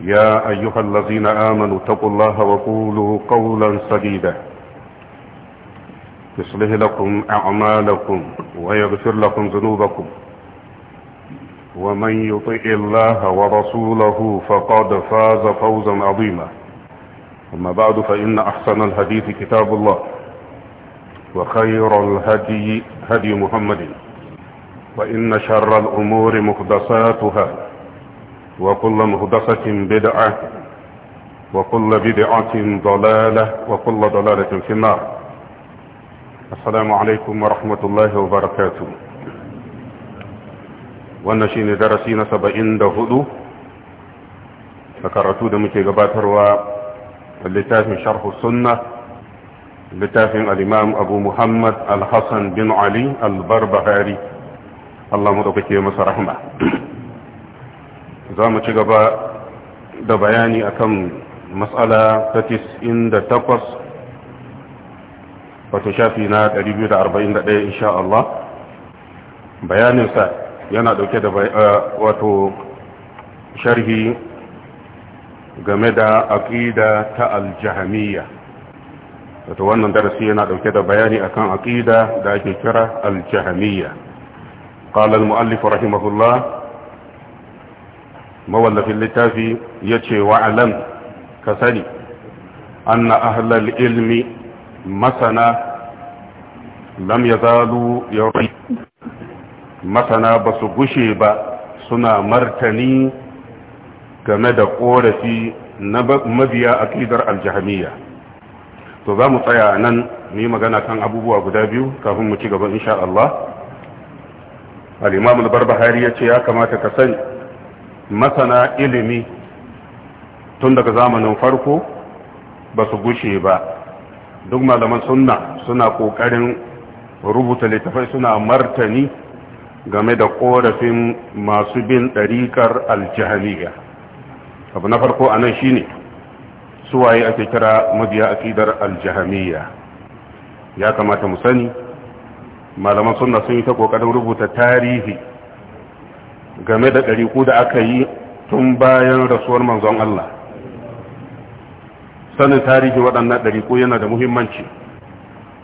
يا أيها الذين آمنوا اتقوا الله وقولوا قولا سديدا يصلح لكم أعمالكم ويغفر لكم ذنوبكم ومن يطع الله ورسوله فقد فاز فوزا عظيما أما بعد فإن أحسن الحديث كتاب الله وخير الهدي هدي محمد وإن شر الأمور محدثاتها وكل مهدسة بدعة وكل بدعة ضلالة وكل ضلالة في النار السلام عليكم ورحمة الله وبركاته والنشين درسين سبعين دهدو فكرتو دمكي قباتر واللتاف شرح السنة لتاف الإمام أبو محمد الحسن بن علي البربهاري الله مدوكي مسرحمه za mu ci gaba da bayani akan matsala ta takwas. wato shafi na 241 insha Allah bayaninsa yana dauke da eh, wato sharhi game da aqida ta al wato wannan darasi yana dauke da bayani akan aqida da ake kira aljahamiyya jahmiyya qala rahimahullah mawallafin littafi ya ce wa'alam ka sani anna ahlal ilmi masana lam ya zalu ya masana ba su gushe ba suna martani game da ƙorafi na mabiya akidar aljahamiya to za mu tsaya nan mu yi magana kan abubuwa guda biyu kafin mu ci gaba insha Allah al-imam al-barbahari ya ce ya kamata ka sani masana ilimi tun daga zamanin farko ba su gushe ba duk malaman sunna suna kokarin rubuta littafai suna martani game da korafin masu bin ɗarikar aljihamiya abu na farko a nan shi ne suwaye ake kira mabiya akidar aljihamiya ya kamata mu sani malaman sunna sun yi ta kokarin rubuta tarihi game da ɗariƙu da aka yi tun bayan rasuwar manzon Allah sanin tarihi waɗannan ɗariƙu yana da muhimmanci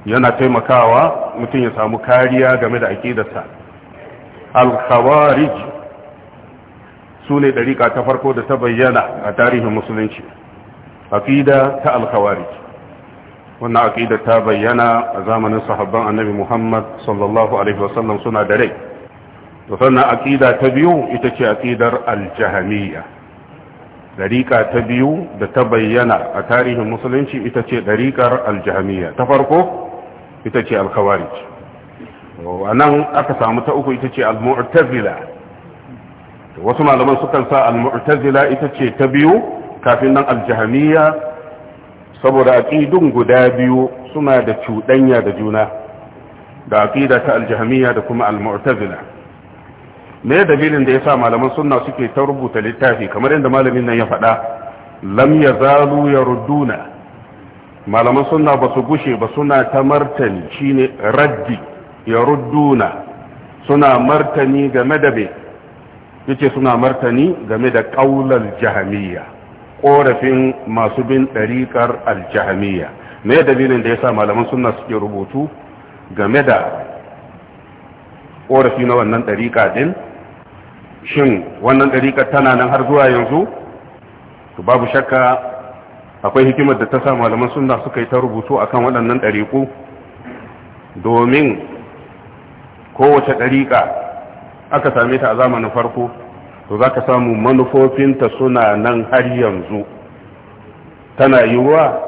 yana taimakawa mutum ya samu kariya game da aƙidarsa al-khawarij su ne ɗariƙa ta farko da ta bayyana a tarihin musulunci aƙida ta al wannan aƙida ta bayyana a zamanin sahabban annabi muhammad sallallahu alaihi wasallam suna da rai to sannan aƙida ta biyu ita ce aƙidar aljahamiya. Ɗariƙa ta biyu da ta bayyana a tarihin musulunci ita ce ɗariƙar aljahamiya. ta farko ita ce al A anan aka samu ta uku ita ce al wasu malaman sukan sa al ita ce ta biyu kafin nan al saboda aƙidun guda biyu suna da cuɗanya da juna da aƙida ta aljahamiya da kuma al me dalilin da yasa malaman sunna suke ta rubuta littafi kamar yadda malamin nan ya faɗa lam yazalu yarduna malaman sunna ba su gushe ba suna ta martani shine raddi yarduna suna martani game da be yace suna martani game da qaulal jahamiyya korafin masu bin ɗariƙar aljahamiya me dalilin da ya sa malaman sunna suke rubutu game da korafi na wannan ɗariƙa din. shin wannan ɗariƙar tana nan har zuwa yanzu to babu shakka akwai hikimar da ta sa malaman sunna suka yi ta rubutu akan waɗannan ɗariƙu domin kowace ɗariƙa aka same ta a zamanin farko to za ka samu manufofinta suna nan har yanzu tana yiwuwa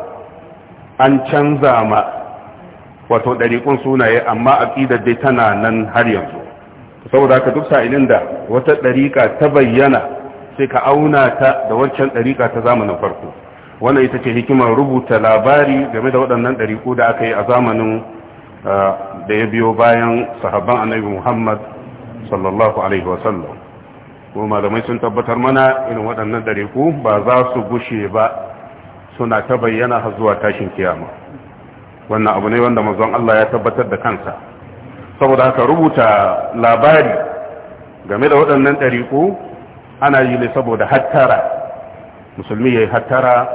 an canza ma wato ɗariƙun sunaye amma aƙidar dai tana nan har yanzu saboda aka duk sa'ilin da wata ɗariƙa ta bayyana sai ka auna ta da waccan ɗariƙa ta zamanin farko wannan ita ce hikimar rubuta labari game da waɗannan ɗariƙu da aka yi a zamanin ah, da ya biyo bayan sahabban annabi muhammad sallallahu alaihi wasallam kuma malamai sun tabbatar mana irin waɗannan ɗariƙu ba za su gushe ba suna ta bayyana har zuwa tashin kiyama wannan abu ne wanda manzon Allah ya tabbatar da kansa saboda haka rubuta labari game da waɗannan ɗariƙo ana yi ne saboda hattara musulmi ya yi hattara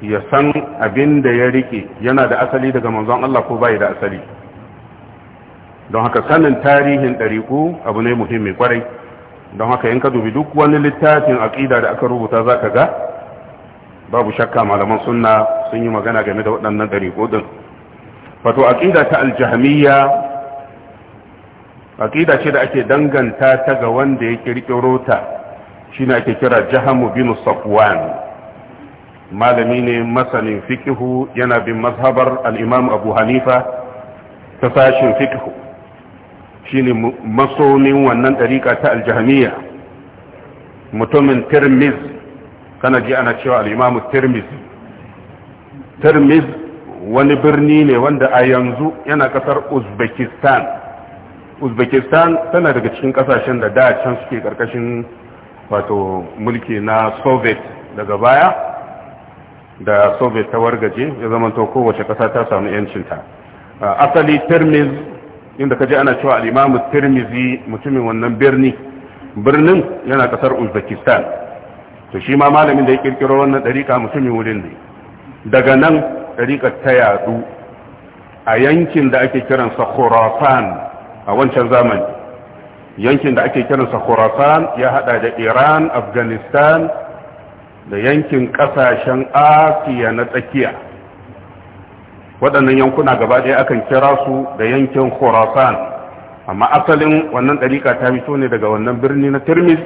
ya san abin da ya riƙe yana da asali daga manzon Allah ko bai da asali don haka sanin tarihin ɗariƙo abu ne muhimmi kwarai don haka in ka dubi duk wani littafin aƙida da aka rubuta za ka ga babu shakka malaman sunna sun yi magana game da waɗannan ɗariƙo ɗin wato aƙida ta aljahamiyya aqida ce da ake danganta ta ga wanda ya kirkiro ta shine ake kira jahamu bin safwan malami ne masanin fikihu yana bin mazhabar al-imam abu hanifa ta sashin Shi shine masomin wannan dariƙa ta al-jahmiya mutumin tirmiz kana ji ana cewa al-imam tirmiz tirmiz wani birni ne wanda a yanzu yana kasar uzbekistan uzbekistan tana daga cikin kasashen da da can suke karkashin wato mulki na soviet daga baya da soviet ta wargaje ya zama to kowace kasa ta samu yancinta asali termiz inda kaji ana cewa al'imamu termizi mutumin wannan birni birnin yana kasar uzbekistan to shi ma malamin da ya kirkiro wannan ɗarika mutumin wurin ne daga nan ɗarikar ta yadu a yankin da ake kiransa khurasan a wancan zamani yankin da ake kiransa khurasan ya hada da iran afghanistan da yankin kasashen asiya na tsakiya waɗannan yankuna gaba ɗaya akan kira su da yankin khurasan amma asalin wannan ɗariƙa ta fito ne daga wannan birni na tirmis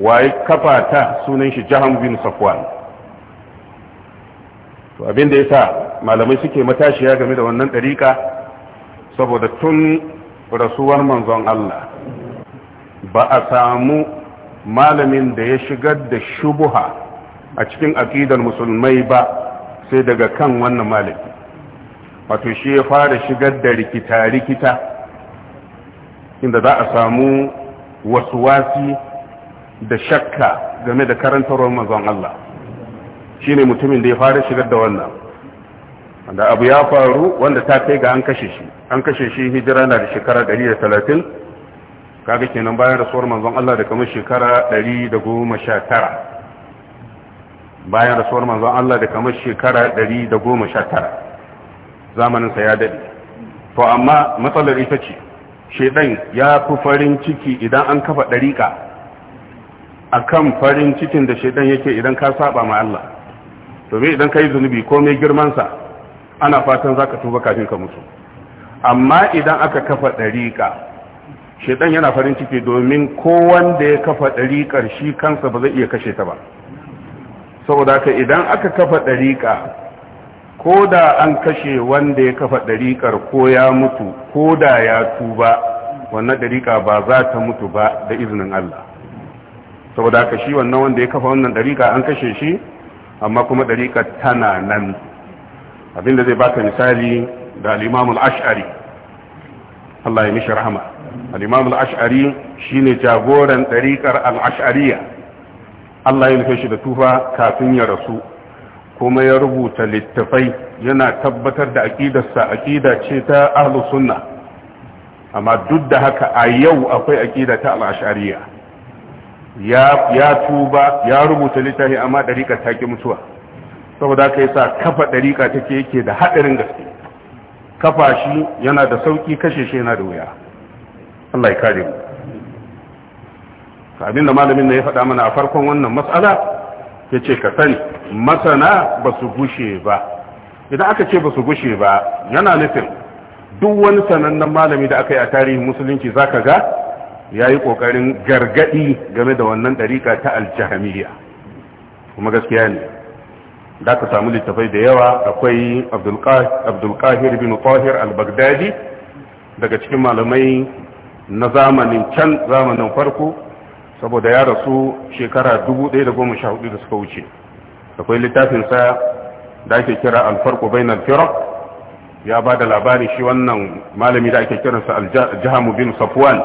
waye kafa ta sunan shi jahan bin safwan to da ya sa malamai suke matashiya game da wannan ɗariƙa saboda tun rasuwar manzon Allah ba a samu malamin da ya shigar da shubuha a cikin aƙidar musulmai ba sai daga kan wannan malami wato shi ya fara shigar da rikita-rikita inda za a samu wasu wasi da shakka game da karantarwar manzon Allah shi ne mutumin da ya fara shigar da wannan wanda abu ya faru wanda ta kai ga an kashe shi an kashe shi hijira na da shekara 130 kaga kenan bayan rasuwar manzon Allah da kamar shekara 119 bayan rasuwar manzon Allah da kamar shekara 119 zamanin sa ya dade to amma matsalar ita ce shedan ya fi farin ciki idan an kafa dariƙa akan farin cikin da shedan yake idan ka saba ma Allah to me idan kai zunubi ko mai girman sa ana fatan zaka tuba kafin ka mutu amma idan aka kafa ɗariƙa shaidan yana farin ciki domin kowanda ya kafa ɗariƙar shi kansa ba zai iya kashe ta ba saboda ka idan aka kafa ɗariƙa ko da an kashe wanda ya kafa ɗariƙar ko ya mutu ko da ya tuba wannan ɗariƙa ba za ta mutu ba da izinin Allah saboda ka shi wannan wanda ya kafa wannan ɗariƙa an kashe shi amma kuma ɗariƙar tana nan abinda zai baka misali da al-imam ashari Allah ya mishi rahama al-imam shi ne shine jagoran ɗariƙar al'ashariya. Allah ya nufe shi da tufa kafin ya rasu kuma ya rubuta littafai yana tabbatar da aƙidarsa aƙida ce ta ahlus sunna amma duk da haka a yau akwai aƙida ta al'ashariya. ya ya tuba ya rubuta littafi amma dariƙar ta mutuwa saboda haka yasa kafa dariƙa take yake da haɗarin gaske kafa shi yana da sauki kashe shi yana da wuya Allah ya kare mu abin da malamin na ya faɗa mana a farkon wannan mas'ala ya ce ka sani masana ba su gushe ba idan aka ce ba su gushe ba yana nufin duk wani sanannen malami da aka yi a tarihin musulunci za ka ga ya yi ƙoƙarin gargaɗi game da wannan ɗariƙa ta aljahamiya kuma gaskiya ne da ka samu littafai da yawa akwai abdulkahir bin tahir al-baghdadi daga cikin malamai na zamanin can zamanin farko saboda ya rasu shekara 1014 da suka wuce akwai littafinsa da ake kira alfarko bainal ya ba da labari shi wannan malami da ake kiransa aljahamu bin safwan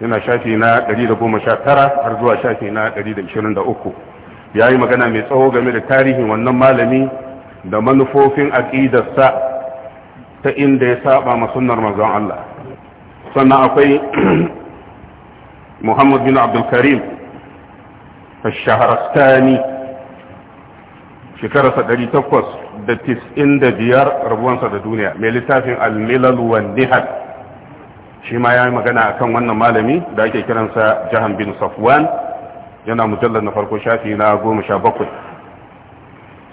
yana shafi na 119 har zuwa shafi na 123 ya yi magana mai tsawo game da tarihin wannan malami da manufofin aƙidarsa ta inda ya saba masunar mazan Allah sannan akwai muhammad bin abdulkarim a shaharastani shekarasa 895 rabuwansa da duniya mai littafin almilalwan nihar shi ma ya yi magana akan wannan malami da ake kiransa jahan bin safwan yana mujallar na farko shafi na goma sha bakwai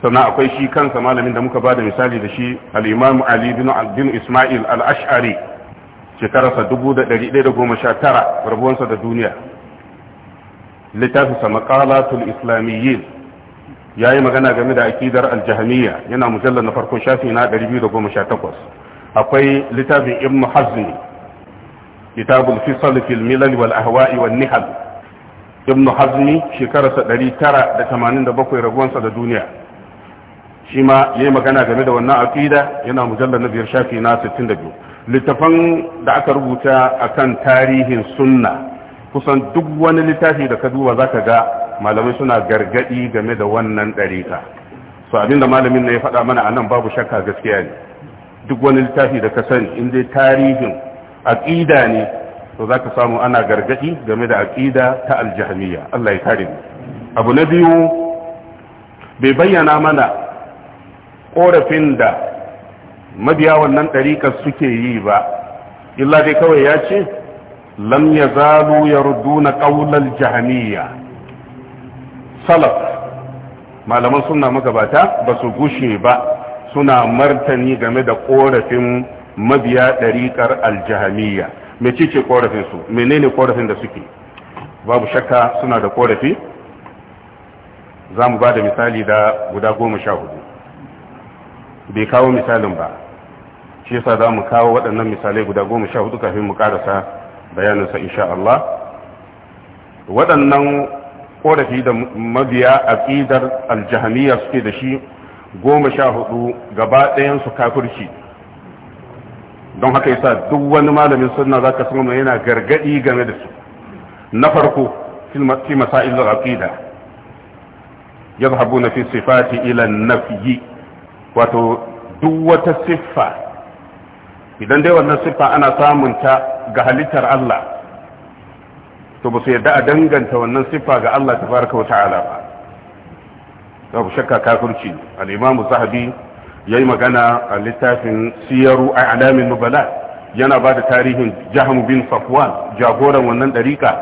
sannan akwai shi kansa malamin da muka ba da misali da shi al'imamu ali bin ismail al'ash'ari shekararsa 1119 rabuwansa da duniya littafinsa makalatul islamiyyin ya yi magana game da akidar aljahamiya yana mujallar na farko shafi na 218 akwai littafin ibn hazmi kitabul fisal fil milal wal ahwa'i wan nihal ibn hazmi shekararsa 987 raguwansa da duniya shi ma ya yi magana game da wannan aqida yana mujallar na biyar shafi na 62 littafan da aka rubuta akan tarihin sunna kusan duk wani littafi da ka duba za ka ga malamai suna gargadi game da wannan ɗarika su abinda malamin na ya faɗa mana a nan babu shakka gaskiya ne duk wani littafi da ka sani in dai tarihin aƙida ne to ka samu ana gargadi game da aƙida ta aljahmiya Allah ya kare mu abu na biyu bai bayyana mana ƙorafin da mabiya wannan ɗariƙar suke yi ba illa dai kawai ya ce lam ya zalu ya rudu na ƙaunar jahamiya salaf malaman suna magabata ba su gushe ba suna martani game da ƙorafin mabiya ɗariƙar aljahamiya. mecece korafin su menene korafin da suke babu shakka suna da korafi za mu ba da misali da guda goma sha hudu bai kawo misalin ba shi yasa za mu kawo waɗannan misalai guda goma sha hudu kafin mu karasa bayaninsa insha Allah waɗannan korafi da mabiya a ƙidar aljahaniya suke da shi goma sha hudu gaba ɗayansu kafirci don haka yasa duk wani malamin sunna zaka san mai yana gargadi game da su na farko fi masail al-aqida yadhhabuna fi sifati ila nafyi wato duk wata siffa idan dai wannan siffa ana samun ta ga halittar Allah to ba su yadda a danganta wannan siffa ga Allah tabaraka wa ta'ala ba babu shakka kafirci al-imam zahabi ya yi magana a littafin siyaru a alamin nubala yana ba da tarihin jaham bin safwan jagoran wannan ɗarika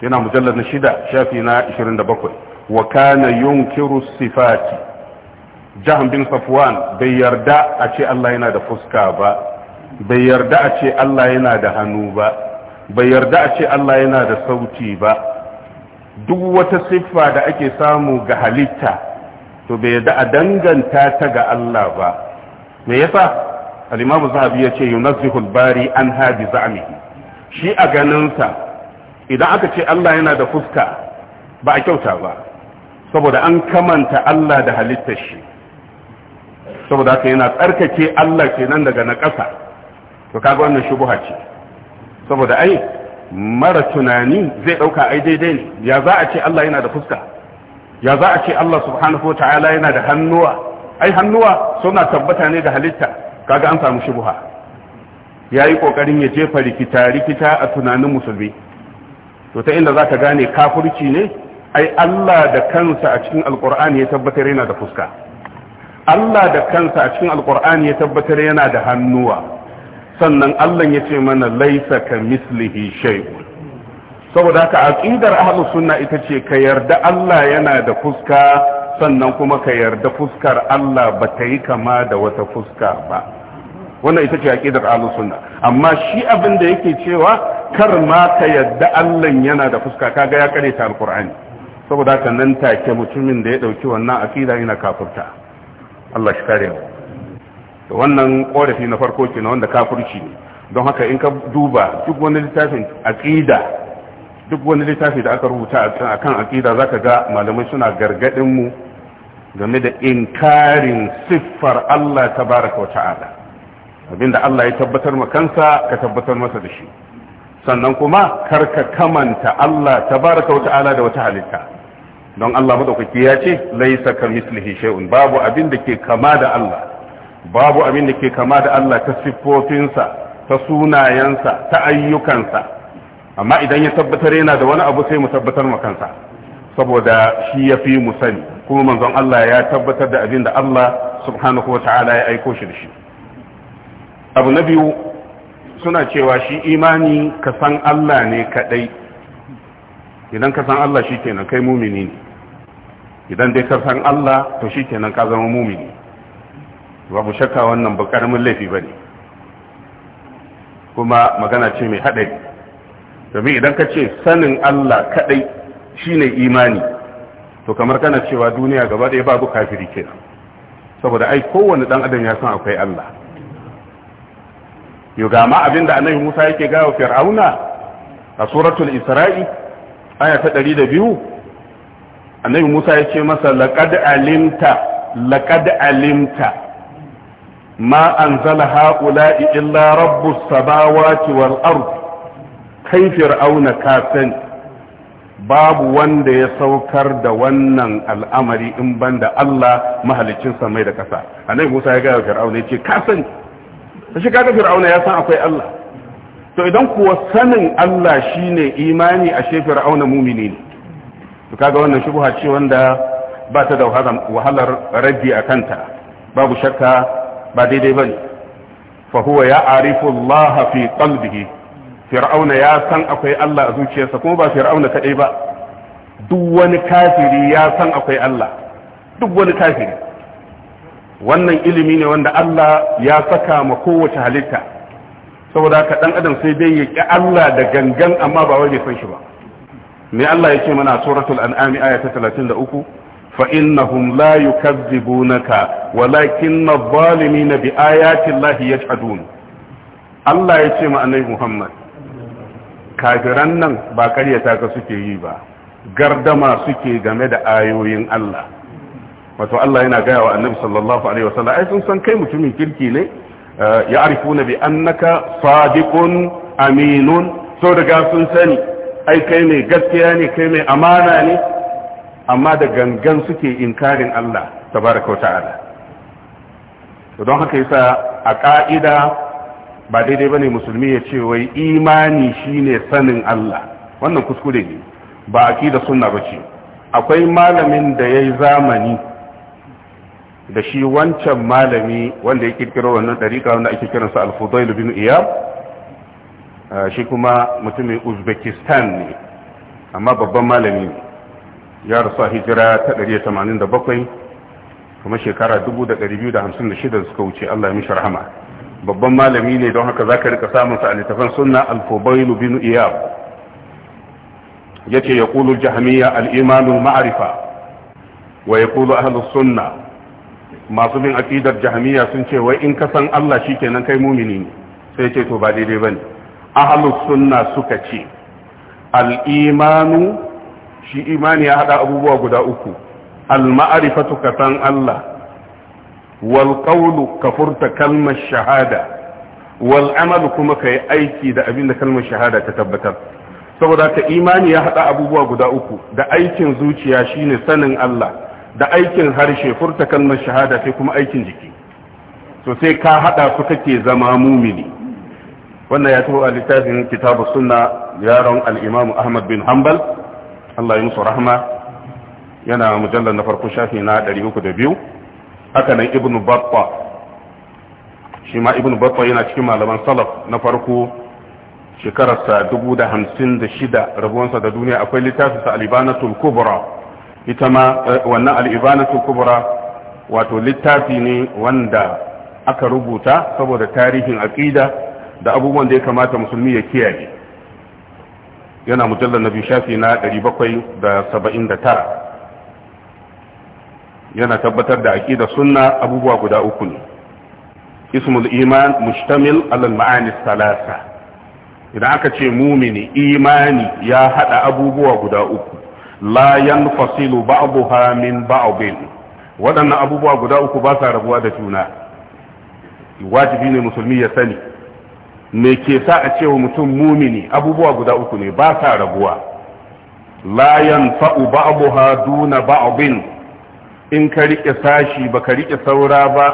yana mujallar na shida shafi na 27 wa kana yunkiru sifati jaham bin safwan bai yarda a ce Allah yana da fuska ba bai yarda a ce Allah yana da hannu ba bai yarda a ce Allah yana da sauti ba duk wata siffa da ake samu ga halitta to bai da a danganta ta ga Allah ba me yasa al-imamu zahabi yace yunazzihu al-bari an hadi za'mihi shi a ganinsa idan aka ce Allah yana da fuska ba a kyauta ba saboda an kamanta Allah da halitta shi saboda haka yana tsarkake Allah kenan daga na ƙasa to kaga wannan shubuha ce saboda ai mara tunani zai dauka ai daidai ne ya za a ce Allah yana da fuska ya za a ce Allah subhanahu wa ta'ala yana da hannuwa ai hannuwa suna tabbata ne da halitta kaga an samu shubuha? ya yi ƙoƙarin ya jefa rikita rikita a tunanin musulmi to ta inda za ka gane kafurci ne ai Allah da kansa a cikin alƙur'ani ya tabbatar yana da fuska Allah da kansa a cikin alƙur'ani ya tabbatar yana da hannuwa sannan Allah ya ce mana laisa ka mislihi shay'un saboda haka aqidar ahlus sunna ita ce ka yarda Allah yana da fuska sannan kuma ka yarda fuskar Allah ba ta yi kama da wata fuska ba wannan ita ce aqidar ahlus sunna amma shi abin da yake cewa kar ma ka yarda Allah yana da fuska kaga ya kare ta alqur'ani saboda haka nan take mutumin da ya dauki wannan aqida yana kafirta Allah shi kare to wannan korafi na farko kenan wanda kafirci ne don haka in ka duba duk wani littafin aqida duk wani littafi da aka rubuta a kan aƙida za ka ga malamai suna gargaɗinmu game da inkarin siffar Allah ta baraka wa ta'ala abinda Allah ya tabbatar ma kansa ka tabbatar masa da shi sannan kuma karka kamanta Allah ta baraka wa ta'ala da wata halitta don Allah maɗaukaki ya ce laisa ka mislihi shay'un babu abin da ke kama da Allah babu abin da ke kama da Allah ta siffofinsa ta sunayensa ta ayyukansa amma idan ya tabbatar yana da wani abu sai mu tabbatar ma kansa saboda shi ya fi mu sani kuma manzon Allah ya tabbatar da abin da Allah subhanahu wa ta'ala ya aiko shi da shi abu na biyu suna cewa shi imani ka san Allah ne kadai idan ka san Allah shi kenan kai mumini ne idan dai ka san Allah to shi kenan ka zama mumini babu shakka wannan ba karamin laifi ne kuma magana ce mai haɗari domin idan ka ce sanin Allah kadai shine imani to kamar kana cewa duniya gaba ɗaya babu kafiri kenan saboda ai kowane dan adam ya san akwai Allah yo ga ma abinda annabi Musa yake ga wa Fir'auna a suratul Isra'i aya ta 102 annabi Musa ya ce masa laqad alimta laqad alimta ma anzala haula'i illa rabbus samawati wal ardi kai fir'auna ka sani babu wanda ya saukar da wannan al'amari in banda Allah mahalicin samai da kasa annabi Musa ya ga fir'auna ya ce ka sani shi kaga fir'auna ya san akwai Allah to idan kuwa sanin Allah shine imani ashe fir'auna mumini ne to kaga wannan shubha ce wanda ba ta da wahalar raddi a kanta babu shakka ba daidai bane fa huwa ya'rifu Allah fi qalbihi fir'auna ya san akwai Allah a zuciyarsa kuma ba fir'auna kaɗai ba duk wani kafiri ya san akwai Allah duk wani kafiri wannan ilimi ne wanda Allah ya saka ma kowace halitta saboda haka dan adam sai dai ya ki Allah da gangan amma ba wai bai san shi ba me Allah yake mana suratul an'ami aya ta 33 fa innahum la yukazzibunaka walakin adh-dhalimina bi ayati llahi yaj'adun Allah ya ce ma annabi Muhammad kafiran nan ba karyata ka suke yi ba gardama suke game da ayoyin Allah wato Allah yana gaya wa annabi sallallahu alaihi wasallam ai sun san kai mutumin kirki ne eh, ya arifuna bi annaka sadiqun aminun so daga sun sani ai kai mai gaskiya ne kai mai amana ne amma da gangan suke inkarin Allah tabaraka wa ta'ala don haka yasa a ka'ida ba daidai bane musulmi ya ce wai imani shine sanin Allah wannan kuskure ne ba aqida sunna bace akwai malamin da yayi zamani da shi wancan malami wanda ya kirkiro wannan dariƙa wanda ake kiransa al-Fudail bin shi kuma mutumin Uzbekistan ne amma babban malami ne ya rasu a hijira ta 187 kuma shekara 1256 suka wuce Allah ya mishi rahama babban malami ne don haka zaka rika samun sa a littafin sunna al-fubayl bin iyab yace yaqulu al-jahmiyya al-iman al-ma'rifa wa yaqulu ahlu sunna masu bin aqidar jahmiyya sun ce wai in ka san Allah shikenan kai mumini ne sai ce to ba daidai bane ahlu sunna suka ce al-imanu shi imani ya hada abubuwa guda uku al-ma'rifatu ka san Allah wal qawlu ka furta kalmar shahada wal amalu kuma kai aiki da abin da kalmar shahada ta tabbatar saboda ka imani ya haɗa abubuwa guda uku da aikin zuciya shine sanin Allah da aikin harshe furta kalmar shahada sai kuma aikin jiki sosai ka haɗa su kake zama mumini wannan ya taho littafin kitabu sunna yaron al Ahmad bin Hambal Allah ya musu rahma yana mujallar na farko shafi da biyu. haka nan ibnu batta shi ma ibnu batta yana cikin malaman salaf na farko shekararsa dubu da hamsin da shida rabuwansa da duniya akwai littafinsa al'ibanatul kubra ita ma eh, wannan al'ibanatul kubra wato littafi ne wanda aka rubuta saboda tarihin aƙida da abubuwan da ya kamata musulmi ya kiyaye yana mujallar na biyu shafi na 779 yana tabbatar da aqida sunna abubuwa guda uku ne ismul iman mustamil alal ma'ani salasa idan aka ce mumini imani ya hada abubuwa guda uku la yanfasilu ba'daha min ba'din wadannan abubuwa guda uku ba sa rabuwa da juna wajibi ne musulmi ya sani me ke sa a cewa mutum mumini abubuwa guda uku ne ba sa rabuwa la yanfa'u ba'daha duna ba'din in ka rike sashi ba ka rike saura ba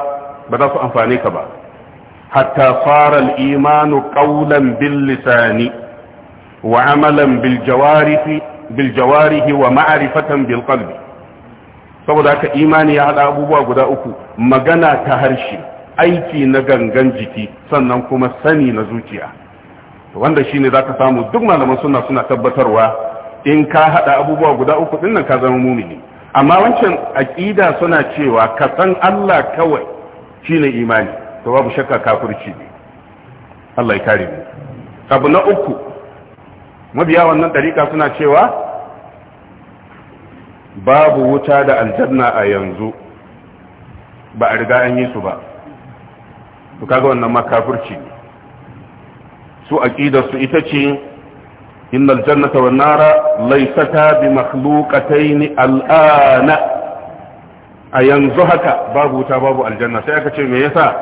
ba za su amfane ka ba hatta fara imanu ƙaunan bil lisani wa amalan bil jawarihi wa ma'arifatan bil qalbi saboda haka imani ya haɗa abubuwa guda uku magana ta harshe aiki na gangan jiki sannan kuma sani na zuciya wanda shine zaka samu duk malaman suna suna tabbatarwa in ka haɗa abubuwa guda uku ɗin nan ka zama mumini amma wancan aƙida suna cewa ka san Allah kawai shine imani to babu shakka kafirci ne Allah ya kare mu abu na uku mabiya wannan ɗarika suna cewa babu wuta da aljanna a yanzu ba a riga an yi su ba to kaga wannan makafirci su aqidar su ita ce إن الجنة والنار ليستا بمخلوقتين الآن أينزهك باب تباب الجنة سيأكا ما يسا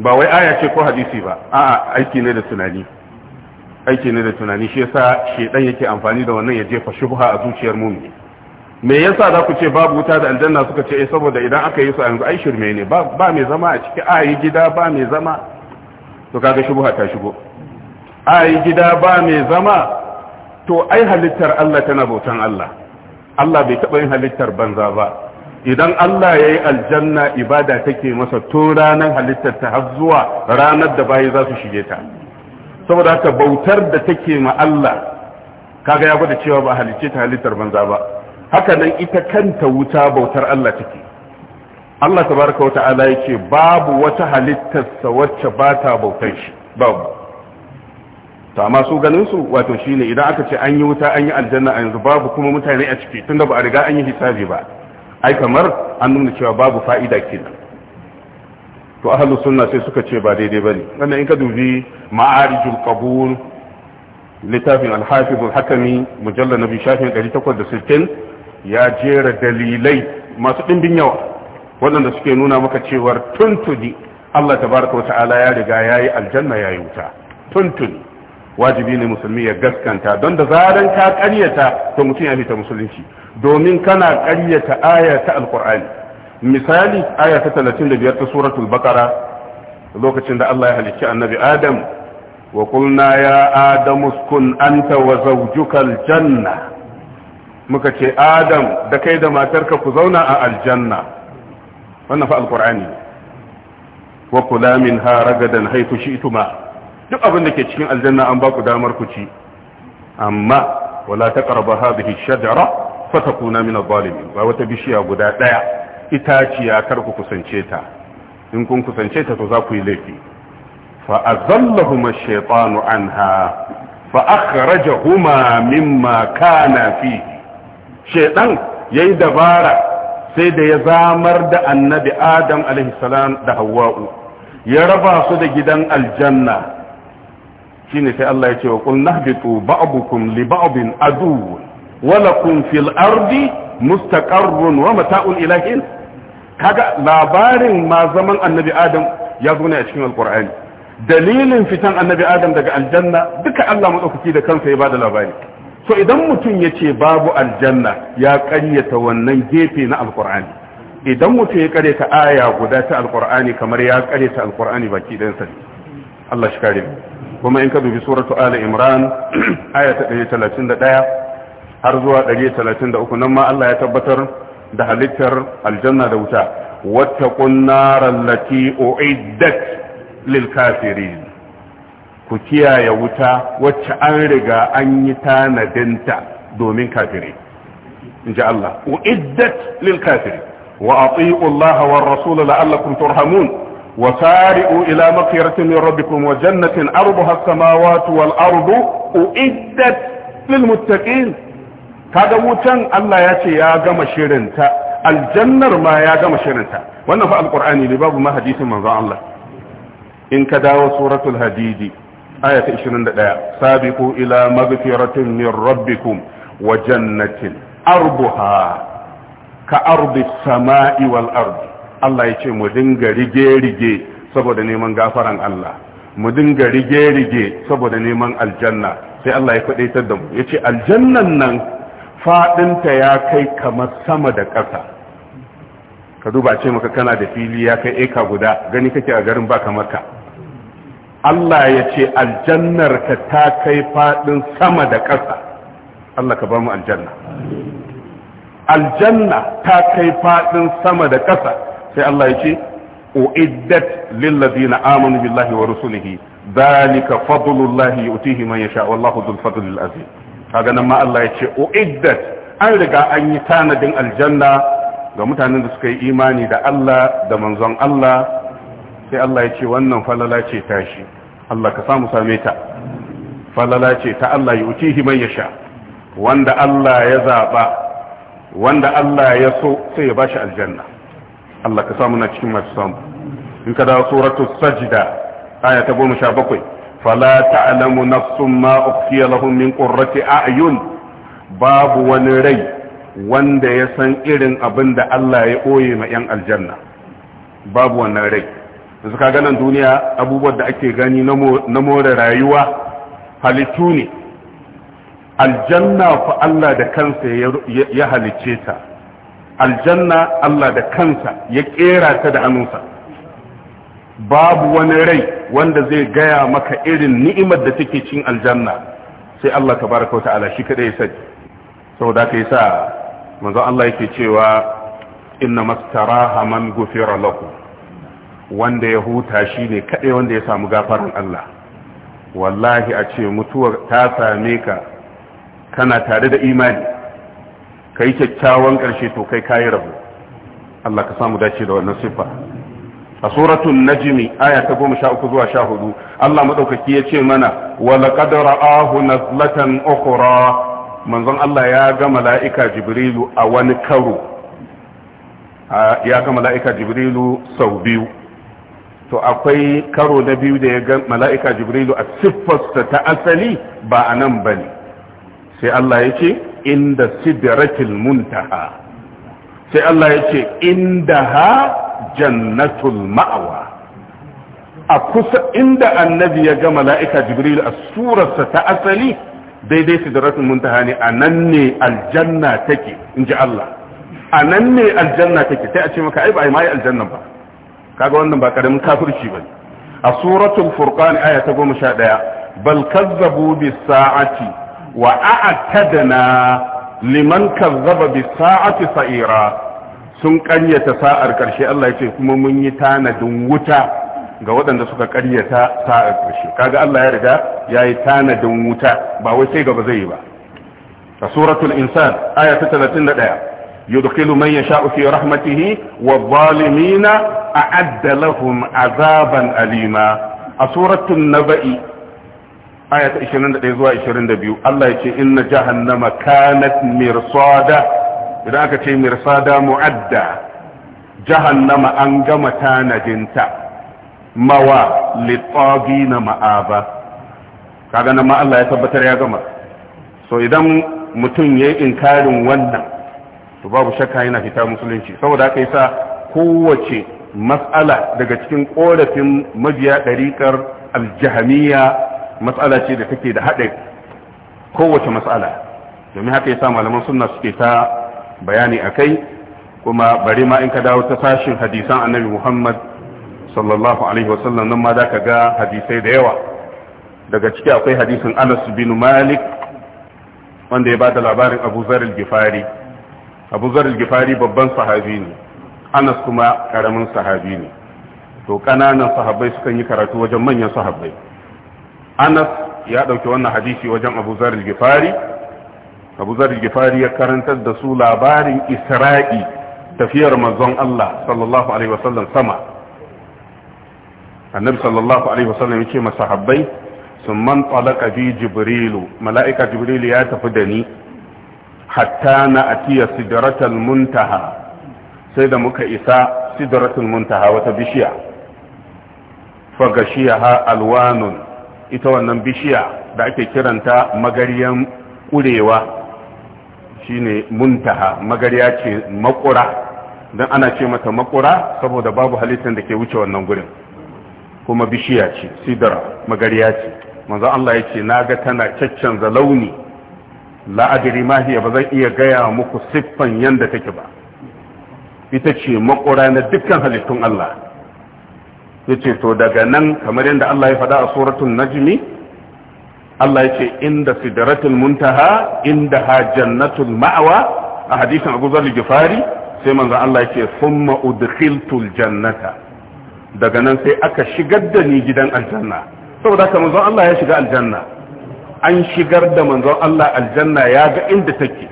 باوي آية كو حديثي با آآ أيكي نيدا تناني أيكي نيدا تناني شيسا شيطان يكي أنفاني دا ونن يجيف شبهة أزوشي المؤمن me yasa za ku ce babu wuta da aljanna suka ce eh saboda idan aka yi su a yanzu ai shirme ne ba mai zama a ciki a yi gida ba mai zama to kaga shubha ta shigo ai gida ba mai zama to ai halittar Allah tana bautan Allah Allah bai taɓa yin halittar banza ba idan Allah ya yi aljanna ibada take masa tun ranar halittar ta har zuwa ranar da bayi za su shige ta saboda haka bautar da take ma Allah kaga ya gwada cewa ba halicce ta halittar banza ba haka nan ita kanta wuta bautar Allah take Allah tabaraka wa ta'ala yake babu wata halittarsa wacce ba ta bautar shi babu to amma su ganin su wato shine idan aka ce an yi wuta an yi aljanna a yanzu babu kuma mutane a ciki tunda ba a riga an yi hisabi ba ai kamar an nuna cewa babu fa'ida kenan to ahlus sunna sai suka ce ba daidai bane wannan in ka dubi ma'arijul qabul littafin al-hafiz al-hakami mujallal nabi shafin 860 ya jera dalilai masu dimbin yawa waɗanda suke nuna maka cewar tuntuni Allah tabaraka wa ta'ala ya riga yayi aljanna yayi wuta tuntuni wajibi ne musulmi ya gaskanta don da zaran ka karyata to mutum ya fita musulunci domin kana karyata aya ta alqur'ani misali aya ta biyar ta suratul baqara lokacin da Allah ya halicci annabi adam wa qulna ya adamu kun anta wa zawjuka janna muka ce adam da kai da matarka ku zauna a aljanna wannan fa alqur'ani wa kula minha ragadan haythu shi'tuma duk abin da ke cikin aljanna an ba ku damar ku ci amma wala karba hadhihi shajara fatakuna min adh-dhalimin ba wata bishiya guda daya itaciya kar ku kusance ta in kun kusance ta to za ku yi laifi fa azallahuma ash-shaytanu anha fa akhrajahuma mimma kana fi shaytan yayi dabara sai da ya zamar da annabi adam alaihi salam da hawwa'u ya raba su da gidan aljanna shine sai Allah ya ce wa qul nahbitu ba'dukum li ba'din adu wa lakum fil ardi mustaqarrun wa mata'un ilahin kaga labarin ma zaman annabi adam ya zo ne a cikin alqur'ani dalilin fitan annabi adam daga aljanna duka Allah madaukaki da kansa ya bada labari so idan mutum ya ce babu aljanna ya ƙaryata wannan gefe na alkur'ani idan mutum ya ƙaryata aya guda ta alkur'ani kamar ya ƙaryata alkur'ani baki ɗansa ne Allah shi kare kuma in ka dubi suratu ali imran aya ta 131 har zuwa 133 nan ma Allah ya tabbatar da halittar aljanna da wuta wattaqun naral lati uiddat lil kafirin ku kiyaye wuta wacce an riga an yi tanadinta domin kafirai in ji Allah uiddat lil kafirin wa ati'u Allah war rasul la'allakum turhamun وسارئوا إلى مغفرة من ربكم وجنة أرضها السماوات والأرض أعدت للمتقين kaga wutan Allah ya ce ya gama shirinta aljannar ma ya gama shirinta wannan fa alqur'ani ne babu ma hadisin manzon Allah in ka dawo suratul hadidi aya ta 21 sabiqu ila maghfiratin min rabbikum wa jannatin arduha ka ardi samai wal ardi Allah ya ce mu dinga rige-rige saboda neman gafaran Allah mu dinga rige-rige saboda neman aljanna sai Allah ya faɗaitar da mu ya ce aljannan nan faɗinta ya kai kamar sama da ƙasa ka duba ce maka kana da fili ya kai eka guda gani kake a garin ba kamar ka Allah ya ce aljannar ka ta kai faɗin sama da ƙasa Allah ka ba mu aljanna aljanna ta kai faɗin sama da ƙasa sai Allah ya ce uiddat lil ladina amanu billahi wa rusulihi dhalika fadlullahi yu'tihi man yasha wallahu dhul fadlil azim kaga nan ma Allah ya ce an riga an yi tanadin aljanna ga mutanen da suka yi imani da Allah da manzon Allah sai Allah ya ce wannan falala ce shi Allah ka samu same ta falala ce ta Allah yu'tihi man yasha wanda Allah ya zaba wanda Allah ya so sai ya bashi aljanna Allah ka samu na cikin masu samu in ka dawo suratu sajida aya ta goma sha bakwai fala ta'lamu nafsun ma ukhfiya lahum min qurrati a'yun babu wani rai wanda ya san irin abin da Allah ya ɓoye ma 'yan aljanna babu wannan rai yanzu ka ganin duniya abubuwan da ake gani na more rayuwa halittu ne aljanna fa Allah da kansa ya halicce ta aljanna Allah da kansa ya kera ta da anusa babu wani rai wanda zai gaya maka irin ni'imar da take cin aljanna sai Allah tabaraka wa ta'ala shi kadai ya sani saboda kai sa manzo Allah yake cewa inna mastaraha man gufira lahu wanda ya huta shi ne kadai wanda ya samu gafaran Allah wallahi a ce mutuwar ta same ka kana tare da imani ka yi kyakkyawan ƙarshe to kai kayi rabu Allah ka samu dace da wannan siffa a suratul najmi aya ta goma sha uku zuwa sha hudu Allah maɗaukaki ya ce mana wa laqad ra'ahu nazlatan ukhra manzon Allah ya ga mala'ika jibrilu a wani karo ya ga mala'ika jibrilu sau biyu to akwai karo na biyu da ya ga mala'ika jibrilu a siffarsa ta asali ba a nan bane sai Allah ya ce inda sidratil muntaha sai Allah ya ce ha jannatul ma'awa a kusa inda annabi ya ga mala'ika jibril a surarsa ta asali daidai sidratul muntaha ne a nan ne aljanna take in ji Allah a nan ne aljanna take sai a ce maka ai ba ai mai aljanna ba kaga wannan ba karamin kafirci bane a suratul furqan aya ta 11 bal kazzabu bis sa'ati wa a'tadna liman kazzaba bi sa'ati sa'ira sun ƙaryata sa'ar ƙarshe Allah ya ce kuma mun yi tanadin wuta ga waɗanda suka ƙaryata sa'ar ƙarshe kaga Allah ya riga ya yi tanadin wuta ba wai sai gaba zai yi ba a suratul insan aya ta 31 yudkhilu man yasha'u fi rahmatihi wa zalimina a'adda lahum azaban alima a suratul naba'i aya ta 21 zuwa 22 Allah ya ce inna jahannama kanat mirsada idan aka ce mirsada mu'adda jahannama an gama tanadinta mawa na ma'aba kaga nan ma Allah ya tabbatar ya gama so idan mutum yayi inkarin wannan to babu shakka yana fita musulunci saboda haka sa, kowace mas'ala daga cikin korafin mabiya dariƙar aljahamiya matsala ce da take da haɗe kowace matsala domin haka yasa malaman sunna suke ta bayani a kai kuma bari ma in ka dawo ta sashin hadisan annabi Muhammad sallallahu alaihi wasallam nan ma ka ga hadisai da yawa daga ciki akwai hadisin Anas bin Malik wanda ya ba da labarin Abu Zar gifari Abu Zar gifari babban sahabi ne Anas kuma karamin sahabi ne to ƙananan sahabbai sukan yi karatu wajen manyan sahabbai anas ya ɗauki wannan hadisi wajen abu zar gifari abu zar gifari ya karantar da su labarin isra'i tafiyar manzon Allah sallallahu alaihi wasallam sama annabi sallallahu alaihi wasallam ya ce masahabbai sun man talaka bi jibrilu mala'ika jibrilu ya tafi da ni hatta na atiya sidratal muntaha sai da muka isa sidratul muntaha wata bishiya fagashiyaha alwanun ita wannan bishiya da ake kiranta magariyan kurewa shine muntaha magariya ce makura don ana ce mata makura saboda babu halittar da ke wuce wannan gurin kuma bishiya ce sidara magariya ce manzo Allah ya ce na ga tana caccanza launi la'adiri mahiya ba zan iya gaya muku siffan yanda take ba ita ce makura na dukkan halittun Allah yace to daga nan kamar yadda Allah ya faɗa a suratul najmi Allah yace inda sidratul muntaha inda ha jannatul ma'wa a hadisin Abu Zar Gifari sai manzo Allah yace summa udkhiltul jannata daga nan sai aka shigar da ni gidan aljanna saboda haka manzo Allah ya shiga aljanna an shigar da manzon Allah aljanna ya ga inda take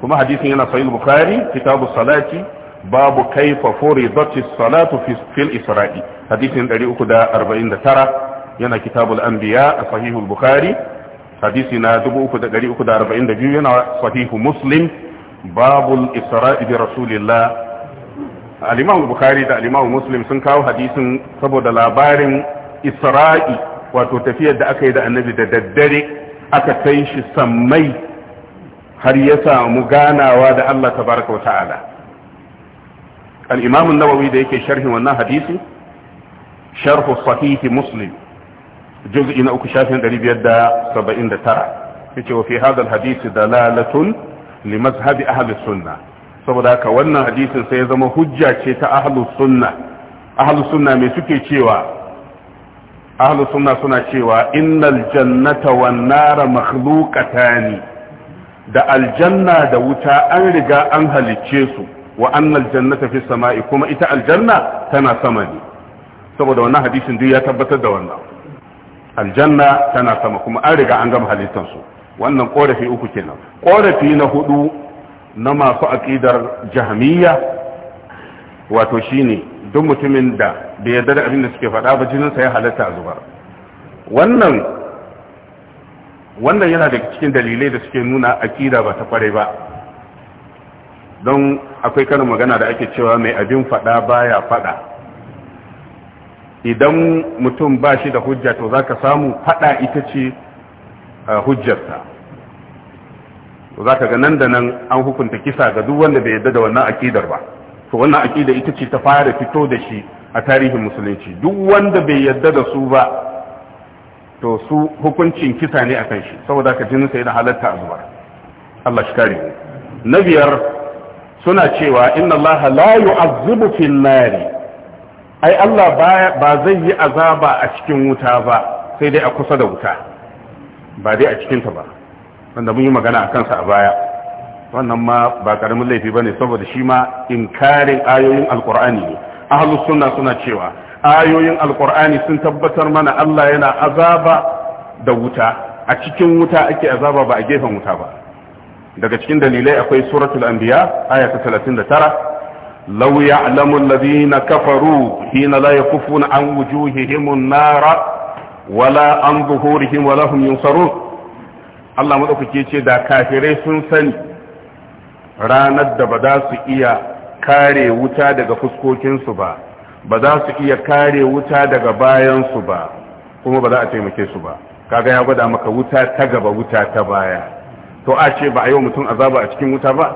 kuma hadisin yana sahih bukhari kitabu salati babu kaifa furidatis salatu fil isra'i hadisin 349 yana kitabul anbiya a sahihul bukhari hadisi na 342 yana sahihu muslim babul isra'i rasulillah al bukhari da al muslim sun kawo hadisin saboda labarin isra'i wato tafiyar da aka yi da annabi da daddare aka kai shi sammai har ya samu ganawa da Allah ta wa ta'ala al-imam an da yake sharhin wannan hadisi sharh sahih muslim juz'i na uku shafin 579 yace wa fi hadha al-hadisi dalalatun li mazhab ahli sunnah saboda haka wannan hadisin sai ya zama hujja ce ta ahli sunnah ahli sunnah me suke cewa ahli sunnah suna cewa innal jannata wan nara makhluqatani da aljanna da wuta an riga an halicce su wa annal jannata fi sama'i kuma ita aljanna tana sama ne saboda wannan hadisin duk ya tabbatar da wannan aljanna tana sama kuma an riga an gama halittar su wannan korafi uku kenan korafi na hudu na masu aqidar jahmiya wato shine duk mutumin da da yarda da abin da suke faɗa ba jinin sa ya halatta a zubar wannan wannan yana daga cikin dalilai da suke nuna aqida ba ta kware ba don akwai karin magana da ake cewa mai abin fada baya fada idan mutum ba shi da hujja to za ka samu fada ita ce eh, hujjarsa za ka ga nan da nan an hukunta kisa ga duk wanda bai yadda da wannan akidar ba to wannan akida ita ce ta fara fito da shi a tarihin musulunci duk wanda bai yadda da su ba to su hukuncin kisa ne a kan shi saboda ka jinin sai da halatta a zubar Allah shi kare na biyar suna cewa inna Allah la yu'azzibu fil nari ai Allah ba zai yi azaba a cikin wuta ba sai dai a kusa da wuta ba dai a cikin ba wanda mun yi magana a kansa a baya wannan ma ba karamin laifi bane saboda shi ma inkarin ayoyin alqur'ani ne ahlus sunna suna cewa ayoyin alqur'ani sun tabbatar mana Allah yana azaba da wuta a cikin wuta ake azaba ba a gefen wuta ba daga cikin dalilai akwai suratul anbiya aya ta 39 law ya'lamu alladhina kafaru hina la yakufuna an wujuhihim an-nara wala an zuhurihim wala hum yunsarun Allah madaukake ce da kafirai sun sani ranar da ba za su iya kare wuta daga fuskokinsu ba ba za su iya kare wuta daga bayansu ba kuma ba za a taimake su ba kaga ya gwada maka wuta ta gaba wuta ta baya to a ce ba a yi wa mutum azaba a cikin wuta ba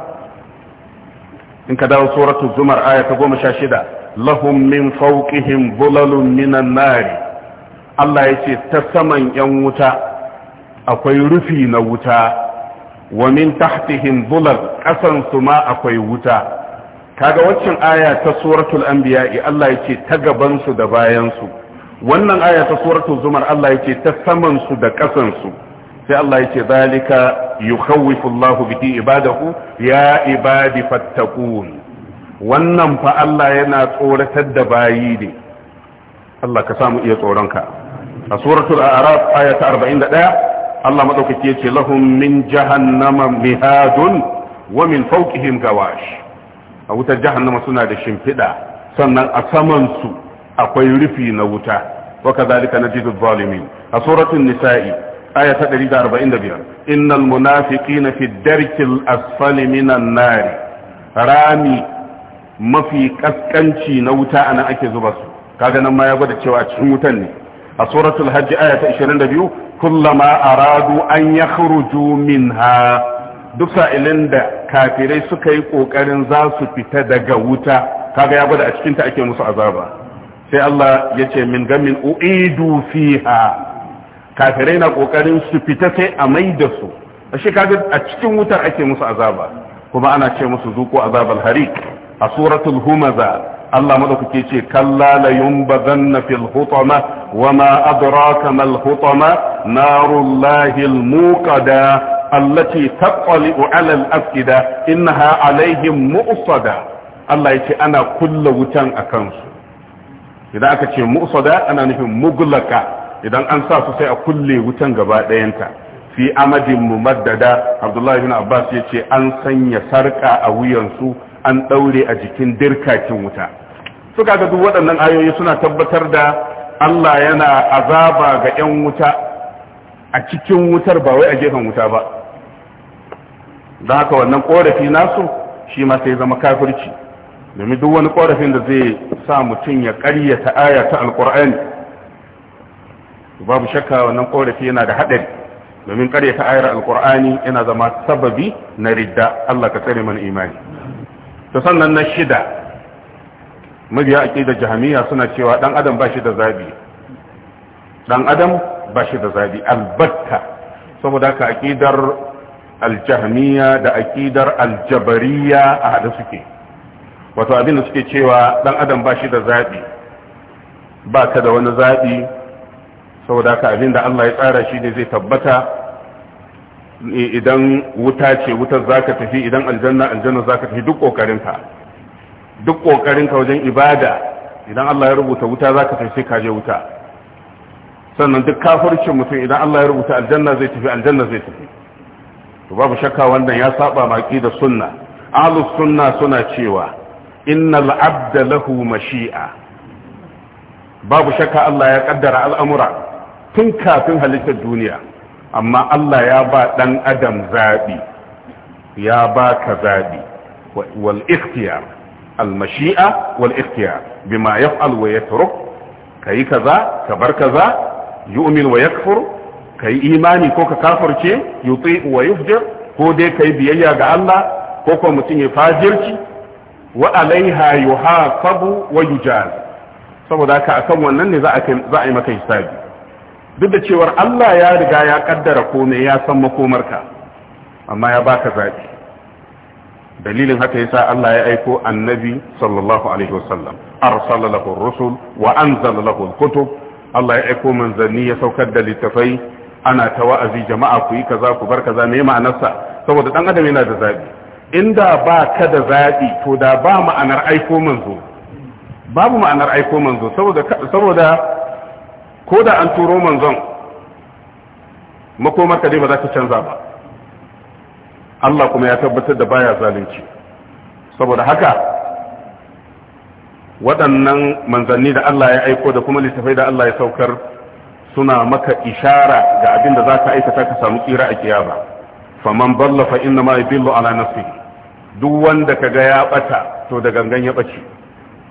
in ka dawo suratu zumar aya ta goma sha shida lahum min fawqihim bulalun minan nari Allah ya ce ta saman yan wuta akwai rufi na wuta wa min tahtihim bulal kasan su ma akwai wuta kaga waccan aya ta suratul anbiya Allah ce ta gabansu da bayansu. wannan aya ta suratul zumar Allah ce ta saman su da kasan su sai Allah ce zalika yukhawifu Allahu bihi ibadahu ya ibadi fattaqun wannan fa Allah yana tsoratar da bayi ne Allah ka samu iya tsoronka a suratul a'raf aya ta 41 Allah madaukaki ce lahum min jahannama mihadun wa min fawqihim gawash a wutar jahannama suna da shimfiɗa sannan a saman su akwai rufi na wuta wa kadhalika najidu zalimin a suratul nisa'i aya ta 145 innal munafiqina fi darkil asfali minan rami mafi ƙasƙanci na wuta anan ake zuba su kaga nan ma ya gwada cewa cikin wutan ne a suratul hajj aya ta 22 kullama aradu an yakhruju minha duk sa'ilin da kafirai suka yi ƙoƙarin za su fita daga wuta kaga ya gwada a cikinta ta ake musu azaba sai Allah ya ce min gamin uidu fiha kafirai na kokarin su fita sai a mai da su ashe a cikin wutar ake musu azaba kuma ana ce musu zuko azabal hari a suratul humaza Allah madaukake ce kalla la yumbazanna fil hutama wama adraka mal hutama narullahi al muqada allati taqalu ala al afida innaha alaihim mu'sada Allah yace ana kulla wutan akan su idan aka ce mu'sada ana nufin muglaka idan an sa su sai a kulle wutan gaba ɗayanta fi amadin maddada abdullahi bin abbas ya ce an sanya sarƙa a wuyansu an ɗaure a jikin dirkakin wuta suka ga duk waɗannan ayoyi suna tabbatar da allah yana azaba ga 'yan wuta a cikin wutar ba wai a gefen wuta ba da haka wannan korafi nasu shi ma sai zama kafirci domin duk wani korafin da zai sa mutum ya ƙaryata aya ta alƙur'ani babu shakka wannan korafi yana da haɗari domin karya ta ayar alkur'ani yana zama sababi na ridda Allah ka tsare mana imani Ta sannan na shida mabiya aqidar jahamiya suna cewa ɗan adam ba shi da zabi dan adam ba shi da zabi albatta saboda ka aqidar aljahmiya da aqidar aljabariya a hada suke wato abin da suke cewa ɗan adam ba shi da zabi ba ka da wani zabi saboda haka abin da Allah ya tsara shi ne zai tabbata idan wuta ce wutar za ka tafi idan aljanna aljanna za ka tafi duk ƙoƙarinka duk ƙoƙarinka wajen ibada idan Allah ya rubuta wuta za ka tafi sai ka je wuta sannan duk kafircin mutum idan Allah ya rubuta aljanna zai tafi aljanna zai tafi to babu shakka wannan ya saba maki da sunna ahlus sunna suna cewa innal abda lahu mashi'a babu shakka Allah ya kaddara al'amura tun kafin halittar duniya amma Allah ya ba ɗan adam zaɓi ya ba ka zaɓi wal ikhtiyar al-mashi'a wal ikhtiyar bima yaf'al wa yatruk kai kaza ka bar kaza yu'min wa yakfur kai imani ko ka kafirce yuti wa yufjir ko dai kai biyayya ga Allah ko ko mutum ya fajirci wa alaiha yuhasabu wa yujaz saboda haka akan wannan ne za a yi maka hisabi duk da cewar Allah ya riga ya kaddara komai ya san makomarka amma ya baka zaɓi dalilin haka yasa Allah ya aiko annabi sallallahu alaihi wasallam arsala lahu rusul wa anzala lahu kutub Allah ya aiko manzanni ya saukar da littafai ana ta wa'azi jama'a ku yi kaza ku bar kaza me ma'anarsa saboda dan adam yana da zaɓi inda ba ka da zaɓi to da ba ma'anar aiko manzo babu ma'anar aiko manzo saboda saboda ko da an turo manzon makomar ka dai ba za canza ba Allah kuma ya tabbatar da baya zalunci saboda haka waɗannan manzanni da Allah ya aiko da kuma littafai da Allah ya saukar suna maka ishara ga abin da za ka aikata ka samu tsira a kiyama faman balla fa inna ma yadillu ala nafsi duk wanda kaga ya bata to da gangan ya bace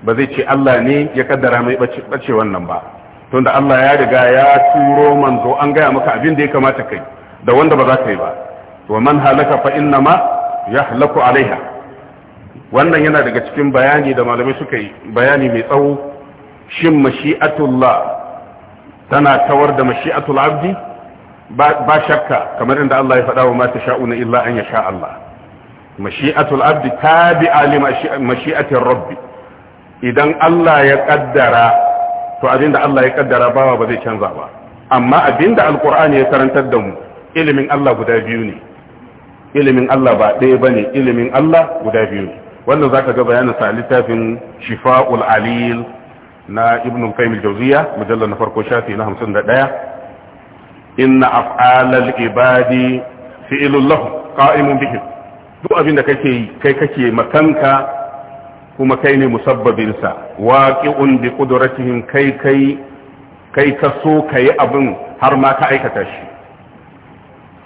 ba zai ce Allah ne ya kaddara mai bace wannan ba tunda Allah ya riga ya turo manzo an gaya maka abin da ya kamata kai da wanda ba za ka yi ba wa man halaka fa inna ma yahlaku alaiha wannan yana daga cikin bayani da malamai suka yi bayani mai tsawo shin mashi'atullah tana tawar da mashi'atul abdi ba shakka kamar inda Allah ya faɗa wa sha'una illa an yasha Allah mashi'atul abdi tabi'a li mashi'atir rabbi idan Allah ya kaddara to abinda Allah ya kaddara bawa ba zai canza ba amma abinda alkur'ani ya karantar da mu ilimin Allah guda biyu ne ilimin Allah ba ɗaya ne ilimin Allah guda biyu ne wannan zaka ga bayanin sa littafin Shifa'ul Alil na Ibn Qayyim al-Jawziyya na farko shafi na 51 inna af'alal ibadi fi'lul qa'imun bihim duk abinda kake kai kake makanka kuma kai ne musabbabinsa waƙi'un bi ƙudurratihim kai kai kai ka so ka yi abin har ma ka aikata shi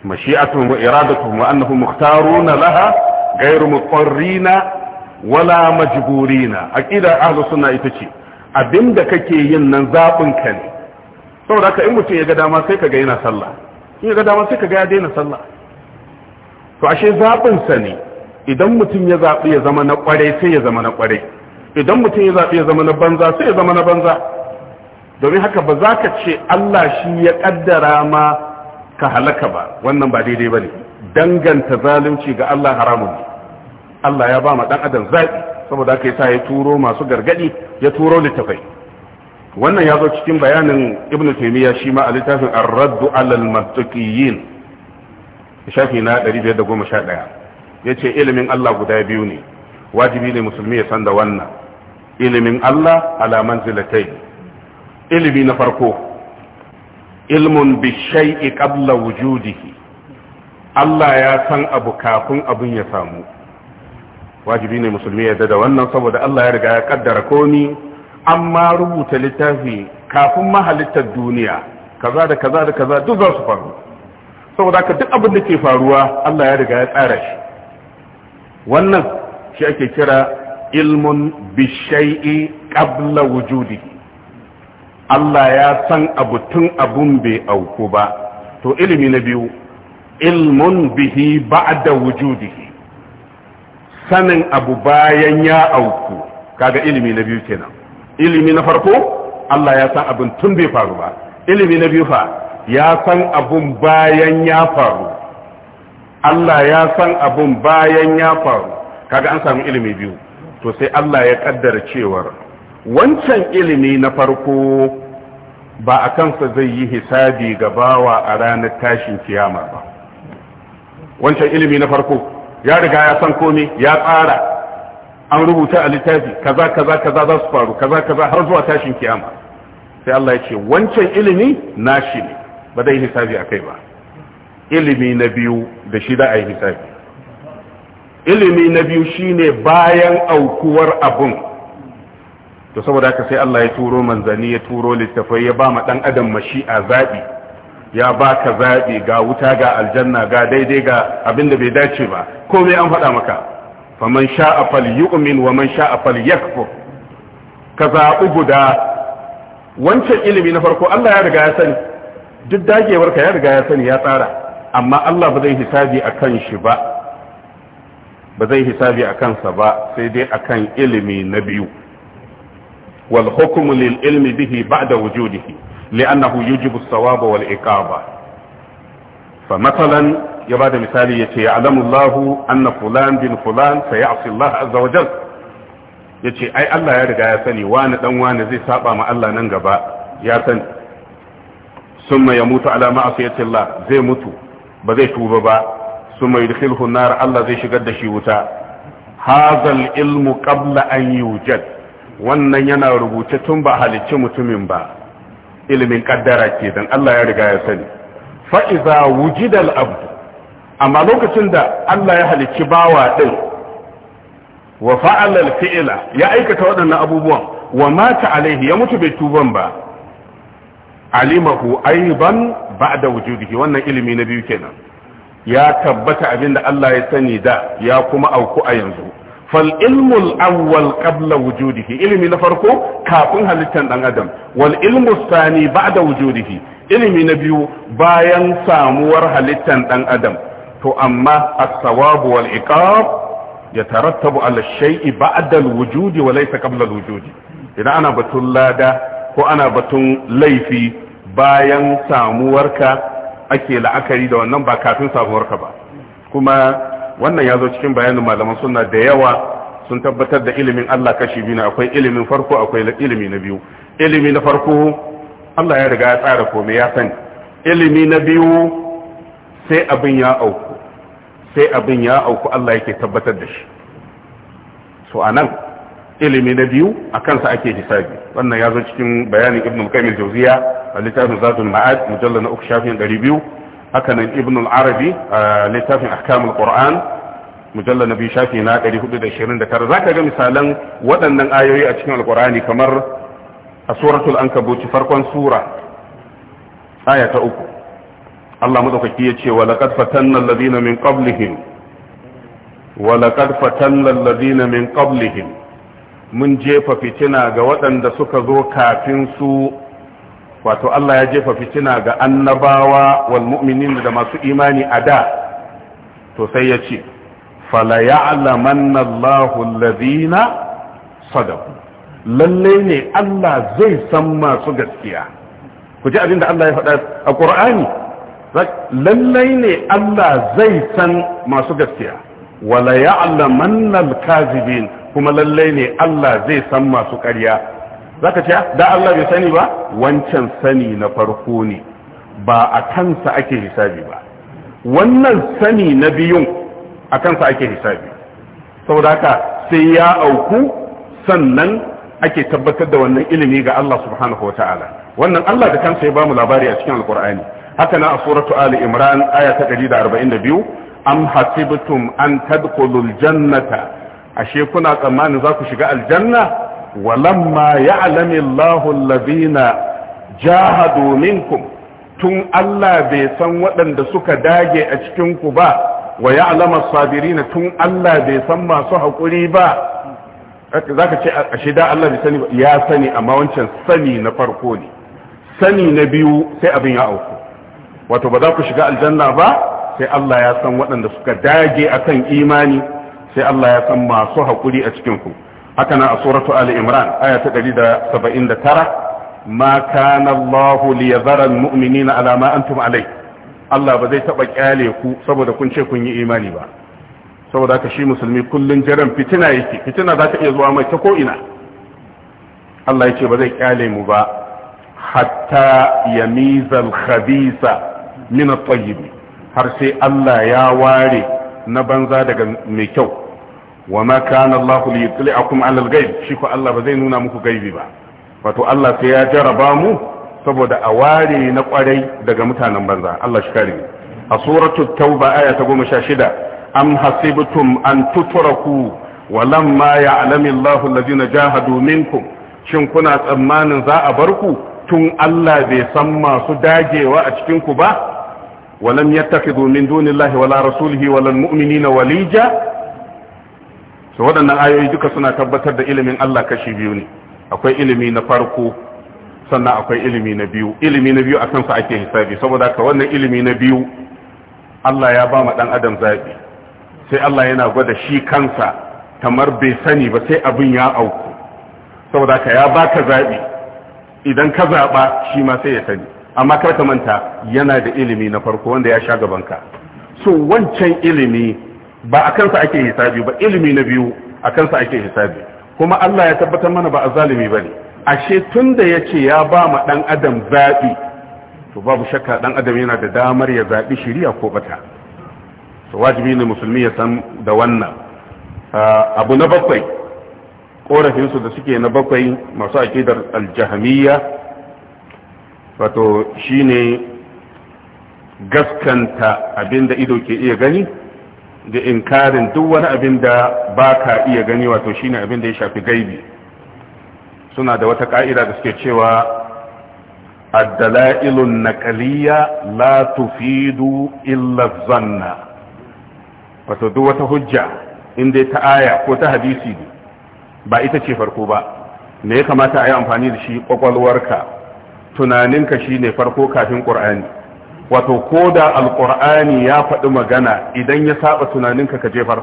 mashi'atun wa iradatuhum wa annahum mukhtaruna laha ghayru muqarrina wala majburina aqida ahlus sunna ita ce abinda kake yin nan zabin ka ne saboda ka in mutum ya ga dama sai ka kaga yana sallah in ya ga dama sai ka ga ya daina sallah to ashe zabin sa ne idan mutum ya zaɓi ya zama na ƙwarai sai ya zama na ƙwarai idan mutum ya zaɓi ya zama na banza sai ya zama na banza domin haka ba za ka ce Allah shi ya ƙaddara ma ka halaka ba wannan ba daidai ba ne danganta zalunci ga Allah haramun Allah ya ba ma ɗan adam zaɓi saboda haka yasa ya turo masu gargaɗi ya turo littafai wannan ya zo cikin bayanin ibn taymiya shi ma a littafin ar-radd 'ala al-mantiqiyyin shafi na 511 ya ce ilimin Allah guda biyu ne wajibi ne musulmi ya san da wannan ilimin Allah alaman zilatai ilimi na farko ilmun bishai'i qabla wujudihi Allah ya san abu kafin abin ya samu wajibi ne musulmi ya da wannan saboda Allah ya riga ya kaddara komi amma rubuta littafi kafin mahalittar duniya kaza da kaza da kaza duk za su faru saboda ka duk abin da ke faruwa Allah ya riga ya tsara shi wannan shi ake kira ilmun bishai'i qabla wujudi Allah ya san abu tun abun bai auku ba to ilimi na biyu ilmun bihi ba'da wujudi sanin abu bayan ya auku kaga ilimi na biyu kenan ilimi na farko Allah ya san abun tun bai faru ba ilimi na biyu fa ya san abun bayan ya faru Allah ya san abun bayan ya faru kaga an samu ilimi biyu to sai Allah ya kaddara cewar wancan ilimi na farko ba a kansa zai yi hisabi ga bawa a ranar tashin kiyama ba wancan ilimi na farko ya riga ya san komai ya tsara an rubuta a littafi kaza kaza kaza za su faru kaza kaza har zuwa tashin kiyama sai Allah ya ce wancan ilimi nashi ne ba yi hisabi a kai ba ilimi na biyu da shi da a yi hisabi ilimi na biyu shine bayan aukuwar abun to saboda haka sai Allah ya turo manzani ya turo littafai ya ba ma dan adam mashi'a zabi ya ba ka zabi ga wuta ga aljanna ga daidai ga abin da bai dace ba komai an faɗa maka faman sha'a falyu'min wa man sha'a falyakfur ka zaɓi guda wancan ilimi na farko Allah ya riga ya sani duk dagewarka ya riga ya sani ya tsara amma Allah ba zai hisabi a kan shi ba ba zai hisabi a kansa ba sai dai a kan ilimi na biyu wal hukumu lil ilmi bihi ba'da wujudihi li'annahu yujibu as-sawaba wal iqaba fa masalan ya bada misali yace ya'lamu Allah anna fulan bin fulan sayasi Allah azza wa jalla yace ai Allah ya riga ya sani wani dan wani zai saba ma Allah nan gaba ya sani summa yamutu ala ma'siyati Allah zai mutu ba zai tuba ba su mai dukkan nar Allah zai shigar da shi wuta hazal ilmu qabla an yujad wannan yana rubuce tun ba halicci mutumin ba ilimin kaddara ke dan Allah ya riga ya sani fa iza wujida al abd amma lokacin da Allah ya halicci bawa din wa fa'ala al fi'la ya aikata waɗannan abubuwan wa mata alaihi ya mutu bai tuban ba alimahu aiban ba'da wujudihi wannan ilimi na biyu kenan ya tabbata abinda Allah ya sani da ya kuma auku a yanzu fal ilmul awwal qabla wujudihi ilimi na farko kafin halittan dan adam wal ilmu sani ba'da wujudihi ilimi na biyu bayan samuwar halittar dan adam to amma as-sawabu wal iqab yatarattabu ala shay'i ba'da al-wujudi wa laysa qabla wujudi idan ana batun lada ko ana batun laifi bayan samuwarka ake la'akari da wannan ba kafin samuwarka ba kuma wannan ya zo cikin bayanin malaman suna da yawa sun tabbatar da ilimin Allah kashi biyu ne akwai ilimin farko akwai ilimi na biyu ilimi na farko Allah ya riga ya tsara komai ya sani ilimi na biyu sai abin ya auku sai abin ya auku Allah yake tabbatar da shi so anan ilimi na biyu a kansa ake hisabi wannan ya zo cikin bayanin ibn al-qayyim al-jawziya a littafin zatul ma'ad mujalla na uku shafin 200 haka nan ibn al-arabi a littafin ahkam al-qur'an mujalla na biyu shafi na 429 zaka ga misalan waɗannan ayoyi a cikin al-qur'ani kamar a suratul ankabut farkon sura aya ta uku Allah madaukaki ya ce wa laqad fatanna alladhina min qablihim wa laqad fatanna alladhina min qablihim mun jefa fitina ga waɗanda suka zo kafin su wato Allah ya jefa fitina ga annabawa wal mu'minin da masu imani a da to sai ya ce fala ya'lamanna Allahu alladhina sadaqu lalle ne Allah zai san masu gaskiya ku ji abin da Allah ya faɗa a Qur'ani lalle ne Allah zai san masu gaskiya wala ya'lamanna al-kazibin kuma lallai ne Allah zai san masu ƙarya zaka ce ah, da Allah bai sani ba wancan sani na farko ne ba a kansa ake hisabi ba wannan sani na biyun a kansa ake hisabi saboda haka sai ya auku sannan ake tabbatar da wannan ilimi ga Allah subhanahu wa ta'ala wannan Allah da kansa ya bamu labari a cikin alkur'ani haka na a suratu ali imran aya ta 142 am hasibtum an tadkhulul jannata ashe kuna tsammanin za ku shiga aljanna walamma ya'lami Allahu alladhina jahadu minkum tun Allah bai san waɗanda suka dage a cikin ba wa ya'lama sabirina tun Allah bai san masu haƙuri ba zaka ce ashe da Allah bai sani ba ya sani amma wancan sani na farko ne sani na biyu sai abin ya auku wato ba za ku shiga aljanna ba sai Allah ya san waɗanda suka dage akan imani sai Allah ya san masu haƙuri a cikin ku haka na a suratu ali imran aya ta 179 ma kana Allahu li yadhara almu'minina ala ma antum alai Allah ba zai taba kyale ku saboda kun ce kun yi imani ba saboda haka shi musulmi kullun jaran fitina yake fitina za ta iya zuwa mai ta ko ina Allah ya ce ba zai kyale mu ba hatta yamizal khabisa min at-tayyib har sai Allah ya ware na banza daga mai kyau wa ma kana Allah li yutli'akum 'ala al-ghaib shi ko Allah ba zai nuna muku gaibi ba wato Allah sai ya jaraba mu saboda a ware na kwarai daga mutanen banza Allah shi kare a suratul tauba aya ta 16 am hasibtum an tutraku wa lamma ya'lamu Allahu alladhina jahadu minkum shin kuna tsammanin za a bar ku tun Allah bai san masu dagewa a cikin ku ba walam yattakhidhu min dunillahi wala rasulihi wala almu'minina walija So waɗannan ayoyi duka suna tabbatar da ilimin Allah kashi biyu ne akwai ilimi na farko sannan akwai ilimi na biyu ilimi na biyu a kansa ake hisabi saboda ka wannan ilimi na biyu Allah ya ba ma ɗan adam zabi. sai Allah yana gwada shi kansa kamar bai sani ba sai abin ya auku saboda ka ya baka zabi, idan ka zaɓa shi ma sai ya sani amma kar ka manta yana da ilimi na farko wanda ya sha gaban ka. so wancan ilimi ba a kansa ake hisabi ba ilimi na biyu a kansa ake hisabi kuma Allah ya tabbatar mana ba a zalimi ba ne ashe tun da ya ce ya ba ma ɗan adam zaɓi to babu shakka ɗan adam yana da damar ya zaɓi shiriya ko bata to wajibi ne musulmi ya san da wannan abu na bakwai korafinsu da suke na bakwai masu aƙidar aljahamiyya wato shine gaskanta abinda ido ke iya gani da inkarin duk wani abin da ba ka iya gani wato shine abin da ya shafi gaibi suna da wata ka'ida da suke cewa addala'ilun naqaliyya la tufidu illa zanna wato duk wata hujja inda ta aya ko ta hadisi ba ita ce farko ba me ya kamata a yi amfani da shi kwakwalwarka tunaninka shine farko kafin Ƙur'ani. wato ko da alkur'ani ya faɗi magana idan ya saba tunaninka ka jefar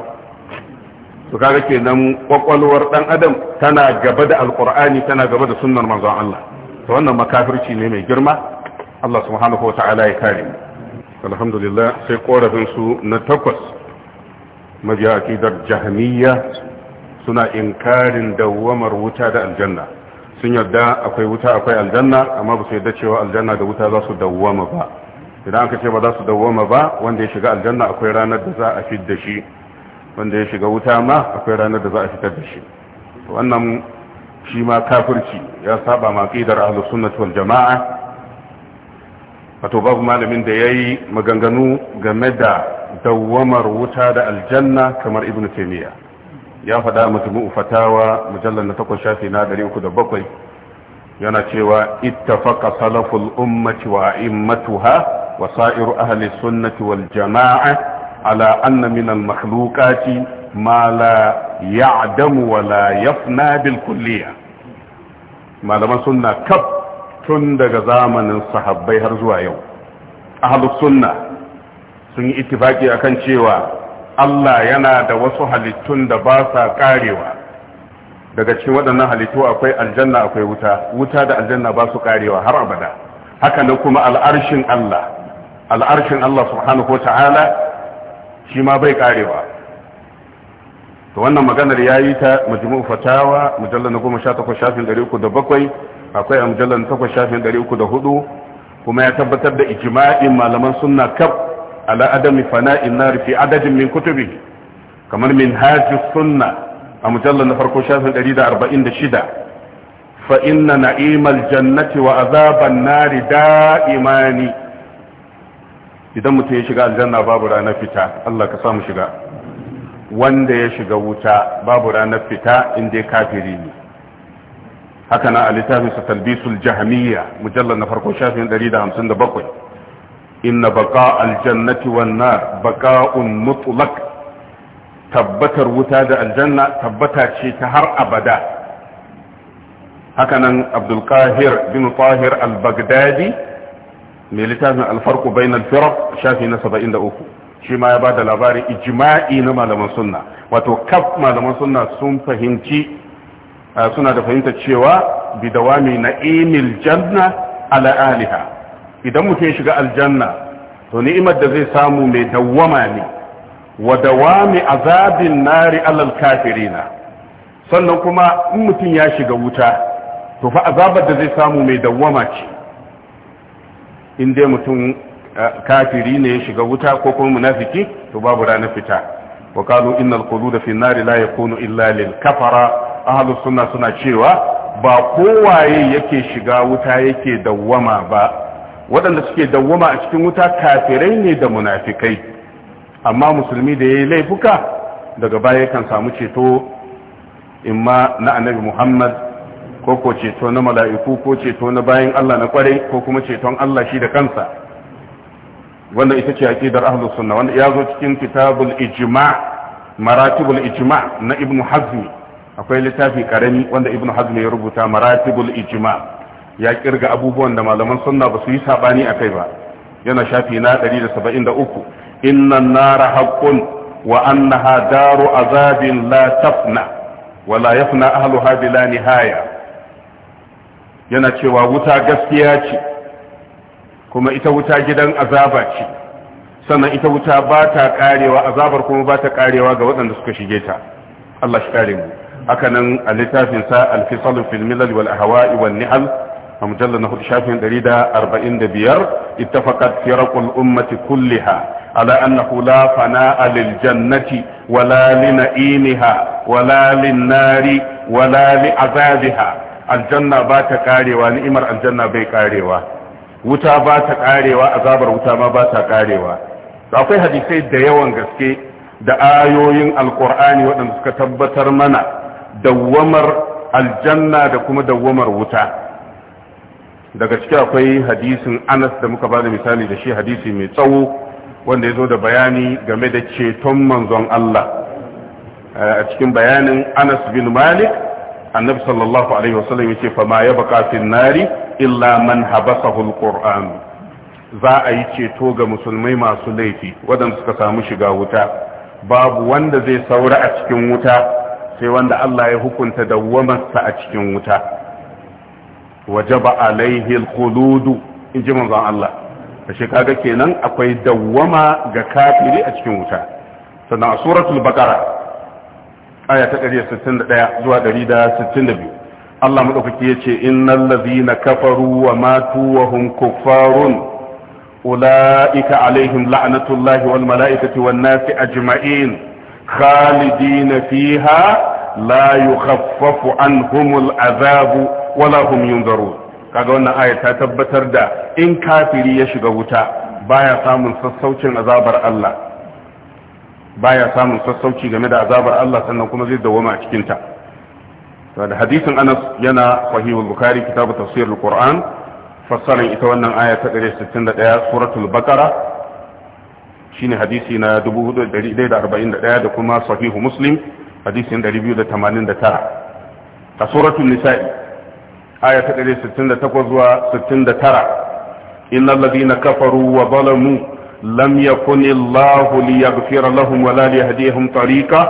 su kaga kenan ƙwaƙwalwar dan adam tana gaba da alkur'ani tana gaba da sunnar manzon Allah to wannan makafirci ne mai girma Allah subhanahu wa ta'ala ya kare mu alhamdulillah sai korafin su na takwas mabiya akidar jahmiyya suna inkarin dawwamar wuta da aljanna sun yarda akwai wuta akwai aljanna amma ba su yarda cewa aljanna da wuta za su dawwama ba idan aka ce ba za su dawwama ba wanda ya shiga aljanna akwai ranar da za a fi da shi wanda ya shiga wuta ma akwai ranar da za a fitar da shi wannan shi ma kafirci ya saba maƙidar qidar ahlus jamaa wato babu malamin da yayi maganganu game da dawwamar wuta da aljanna kamar ibnu taymiya ya faɗa majmu'u fatawa mujallal na 8 shafi na 307 yana cewa ittafaqa salaful ummati wa a'immatuha wa sa'iru ahli sunnati wal jama'a ala anna min al makhluqati ma la ya'damu wa la yafna bil kulliya malaman sunna kaf tun daga zamanin sahabbai har zuwa yau ahlus sunna sun yi ittifaki akan cewa Allah yana da wasu halittun da ba sa karewa daga cikin waɗannan halittu akwai aljanna akwai wuta wuta da aljanna ba su karewa har abada haka nan kuma al'arshin Allah al'arshin Allah subhanahu wata'ala shi ma bai karewa to wannan maganar ya yi ta majmu'u fatawa mujallar na sha takwas shafin ɗari uku da bakwai akwai a mujallar na takwas shafin ɗari uku da hudu kuma ya tabbatar da ijma'in malaman sunna kaf ala adami fana'in nar fi adadin min kutubi kamar Hajji sunna a mujallar na farko shafin 146 fa inna na'imal jannati wa azaban nari da'imani idan mutum ya shiga aljanna babu ranar fita Allah ka samu shiga wanda ya shiga wuta babu ranar fita inda kafiri ne haka na a littafin sa talbisul jahmiya mujallar na farko shafin 157 inna baqa aljannati wan nar baqa'un mutlaq tabbatar wuta da aljanna tabbata ce ta har abada hakanan abdulkahir bin tahir al-baghdadi mai littafin alfarku bain al-firq shafi na 73 shi ma ya ba da labarin ijma'i na malaman sunna wato kaf malaman sunna sun fahimci suna da fahimta cewa bidawami na'imil janna ala aliha idan mutum ya shiga aljanna to ni'imar da zai samu mai dawwama ne wa dawami azabin nari alal kafirina sannan kuma in mutum ya shiga wuta to fa azabar da zai samu mai dawwama ce in dai mutum eh, kafiri ne ya shiga wuta ko kuma munafiki to babu ranar fita wa qalu innal qulud fi nari la yakunu illa lil kafara ahlus sunna suna cewa ba kowaye yake shiga wuta yake dawwama ba waɗanda suke dawwama a cikin wuta kafirai ne da munafikai amma musulmi da ya yi laifuka daga baya kan samu ceto imma na annabi Muhammad ko ko ceto na mala'iku ko ceto na bayan Allah na kwarai ko kuma ceton Allah shi da kansa wanda ita ce aqidar ahlus sunna wanda ya zo cikin kitabul ijma' maratibul ijma' na ibnu hazmi akwai littafi karami wanda ibnu hazmi ya rubuta maratibul ijma ya kirga abubuwan da malaman sunna ba su yi sabani akai ba yana shafi na 173 inna an-nara haqqun wa annaha daru azabin la tafna wa la yafna ahluha bila nihaya yana cewa wuta gaskiya ce kuma ita wuta gidan azaba ce ita wuta ba ta karewa azabar kuma ba ta karewa ga waɗanda suka shige ta Allah shi kare mu haka nan a littafin sa al-fisal fil milal wal ahwa'i wal ni'al a na hudu shafin 145 ittafaqat firaqul ummati kulliha على أنه لا فناء للجنة ولا walali ولا للنار ولا لعذابها الجنة بات كاريوا نعمر الجنة بي كاريوا وتا بات كاريوا عذابر وتا ما بات كاريوا akwai hadisai da yawan gaske da ayoyin alkur'ani waɗanda suka tabbatar mana dawwamar aljanna da kuma dawwamar wuta daga ciki akwai hadisin anas da muka bada misali da shi hadisi mai tsawo wanda ya zo da bayani game da ceton manzon Allah a cikin bayanin Anas bin Malik annabi sallallahu alaihi wasallam yace fa ma yabqa fil nari illa man habasahu alquran za a yi ceto ga musulmai masu laifi wadanda suka samu shiga wuta babu wanda zai saura a cikin wuta sai wanda Allah ya hukunta dawwamarsa a cikin wuta wajaba alaihi alquludu in ji manzon Allah ashe kaga kenan akwai dawwama ga kafiri a cikin wuta sannan a suratul bakara aya ta 161 zuwa 162 Allah madaukaki yace innal ladhina kafaru wa matu wa hum kuffarun ulaika alaihim la'natullahi wal mala'ikati wan nasi ajma'in khalidina fiha la yukhaffafu anhumul azabu wala hum yunzarun kaga wannan aya ta tabbatar da in kafiri ya shiga wuta baya samun sassaucin azabar Allah baya samun sassauci game da azabar Allah sannan kuma zai dawoma a cikin ta da hadisin Anas yana sahihul Bukhari kitabu tafsirul Qur'an fassarin ita wannan aya ta 161 suratul Baqara shine hadisi na 4141 da kuma sahihu Muslim hadisin 289 a suratul Nisa'i aya ta 168 69 innal ladina kafaru wa zalamu lam yakun illahu liyaghfira lahum wa la liyahdihim tariqa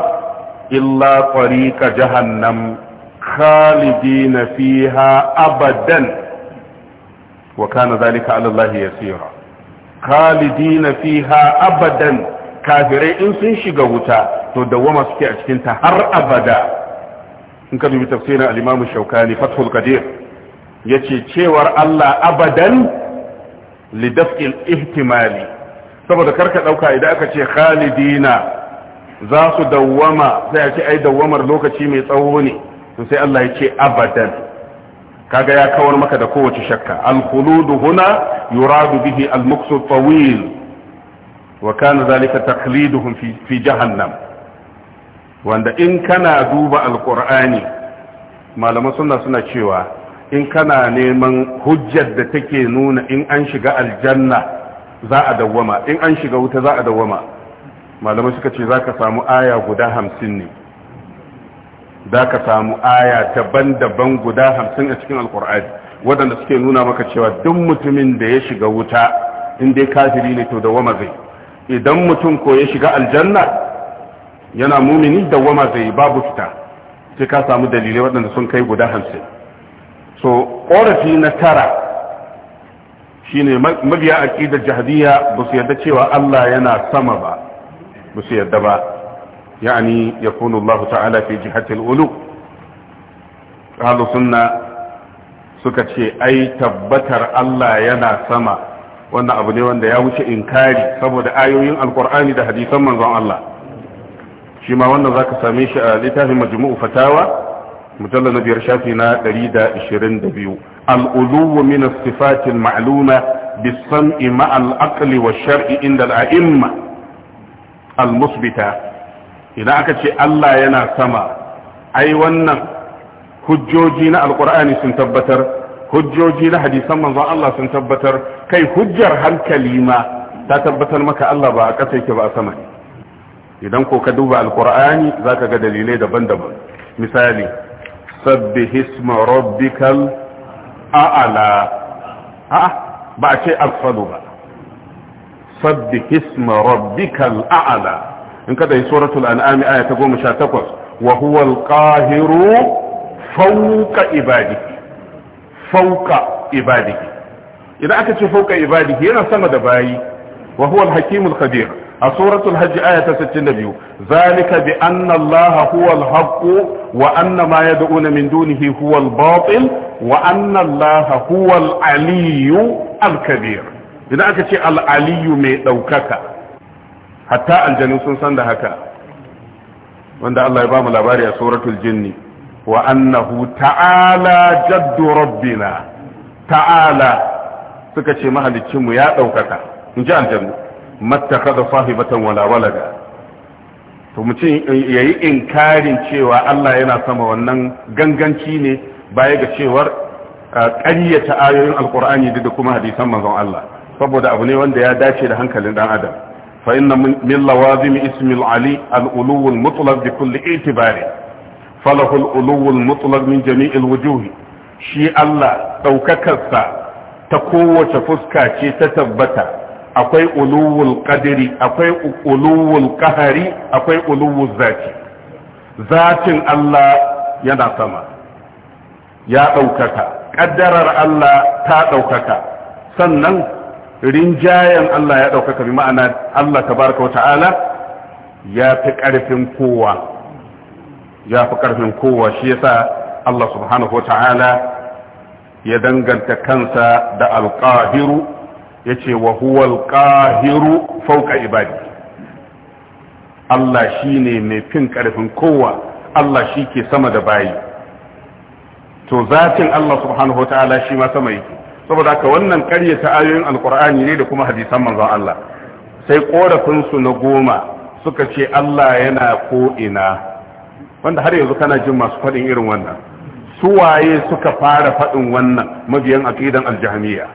illa tariqa jahannam khalidina fiha abadan wa kana dhalika ala allahi yasira khalidina fiha abadan kafirai in sun shiga wuta to dawama suke cikin ta har abada in ka dubi tafsirin al-Imam Shawkani Fathul Qadir yace cewar Allah abadan li daf'il ihtimali saboda karka dauka idan aka ce khalidina za su dawwama sai a ce ai dawwamar lokaci mai tsawo ne to sai Allah ya ce abadan kaga ya kawar maka da kowace shakka al-khuludu huna yuradu bihi al-muqsud tawil wa kana zalika taqliduhum fi jahannam wanda in kana duba alkur'ani malama suna suna cewa in kana neman hujjar da take nuna in an shiga aljanna za a dawwama in an shiga wuta za a dawwama malamai suka ce za ka samu aya guda hamsin ne za ka samu aya daban-daban guda hamsin a cikin alkur'ani waɗanda suke nuna maka cewa duk mutumin da ya shiga wuta in dai kafiri ne to dawwama zai idan mutum ko ya shiga aljanna yana mumini dawwama zai babu fita sai ka samu dalilai waɗanda sun kai guda hamsin so ƙorafi na tara shine mabiya aqidar jahiliya ba su yarda cewa Allah yana sama ba ba su yarda ba yani yakunu Allah ta'ala fi jihati ulu ahlu sunna suka ce ai tabbatar Allah yana sama wannan abu ne wanda ya wuce inkari saboda ayoyin alqur'ani da hadisan manzon Allah shi ma wannan za ka same shi a littafin majmu'u fatawa mujallar na biyar shafi na 122 al'uluwu min sifatin ma'luma bisam'i ma'al al'aqli wa shar'i inda al'a'imma al-musbita idan aka ce Allah yana sama ai wannan hujjoji na alqur'ani sun tabbatar hujjoji na hadisan manzon Allah sun tabbatar kai hujjar hankali ma ta tabbatar maka Allah ba a ƙasa yake ba a sama ne idan ko ka duba alkur'ani zaka ga dalilai daban-daban misali sabbi isma rabbikal ba a ce afsalu ba sabbi isma rabbikal in kada yi suratul an'am aya ta goma wa huwa al-qahiru fawqa ibadihi fawqa ibadihi idan aka ce fawqa ibadihi yana sama da bayi wa huwa al-hakimul khabir a suratul hajji aya ta 62 zalika bi anna allah huwa al-haqq wa anna ma yad'una min dunihi huwa al-batil wa anna allah huwa al al-kabir idan aka ce al-aliyyu mai daukaka hatta aljanu sun san da haka wanda Allah ya ba mu labari a suratul jinni wa annahu ta'ala jaddu rabbina ta'ala suka ce mu ya ɗaukaka in ji aljannu mattakaza sahibatan wala walada to mutum yayi inkarin cewa Allah yana sama wannan ganganci ne baya ga cewar ƙaryata ayoyin alkur'ani da kuma hadisan manzon Allah saboda abu ne wanda ya dace da hankalin dan adam fa inna min lawazim ismi al-ali al-ulu al-mutlaq bi kulli i'tibari falahu al-ulu al-mutlaq min jami' al-wujuh shi Allah daukakarsa ta kowace fuska ce ta tabbata akwai uluwul qadri akwai uluwul qahari akwai uluwul zaki zatin Allah yana sama ya ɗaukaka ƙaddarar Allah ta ɗaukaka sannan rinjayen Allah ya ɗaukaka bi ma'ana Allah tabaraka wa ta'ala ya fi ƙarfin kowa ya fi ƙarfin kowa shi yasa Allah subhanahu wa ta'ala ya danganta kansa da alƙahiru yace wa huwal qahiru fauka ibadi Allah shine mai fin karfin kowa Allah shi ke sama da bayi to zatin Allah subhanahu wataala shi ma sama yake saboda haka wannan ta ayoyin alqur'ani ne da kuma hadisan manzon Allah sai korafin su na goma suka ce Allah yana ko ina wanda har yanzu kana jin masu faɗin irin wannan su waye suka fara faɗin wannan mabiyan aqidan aljahmiya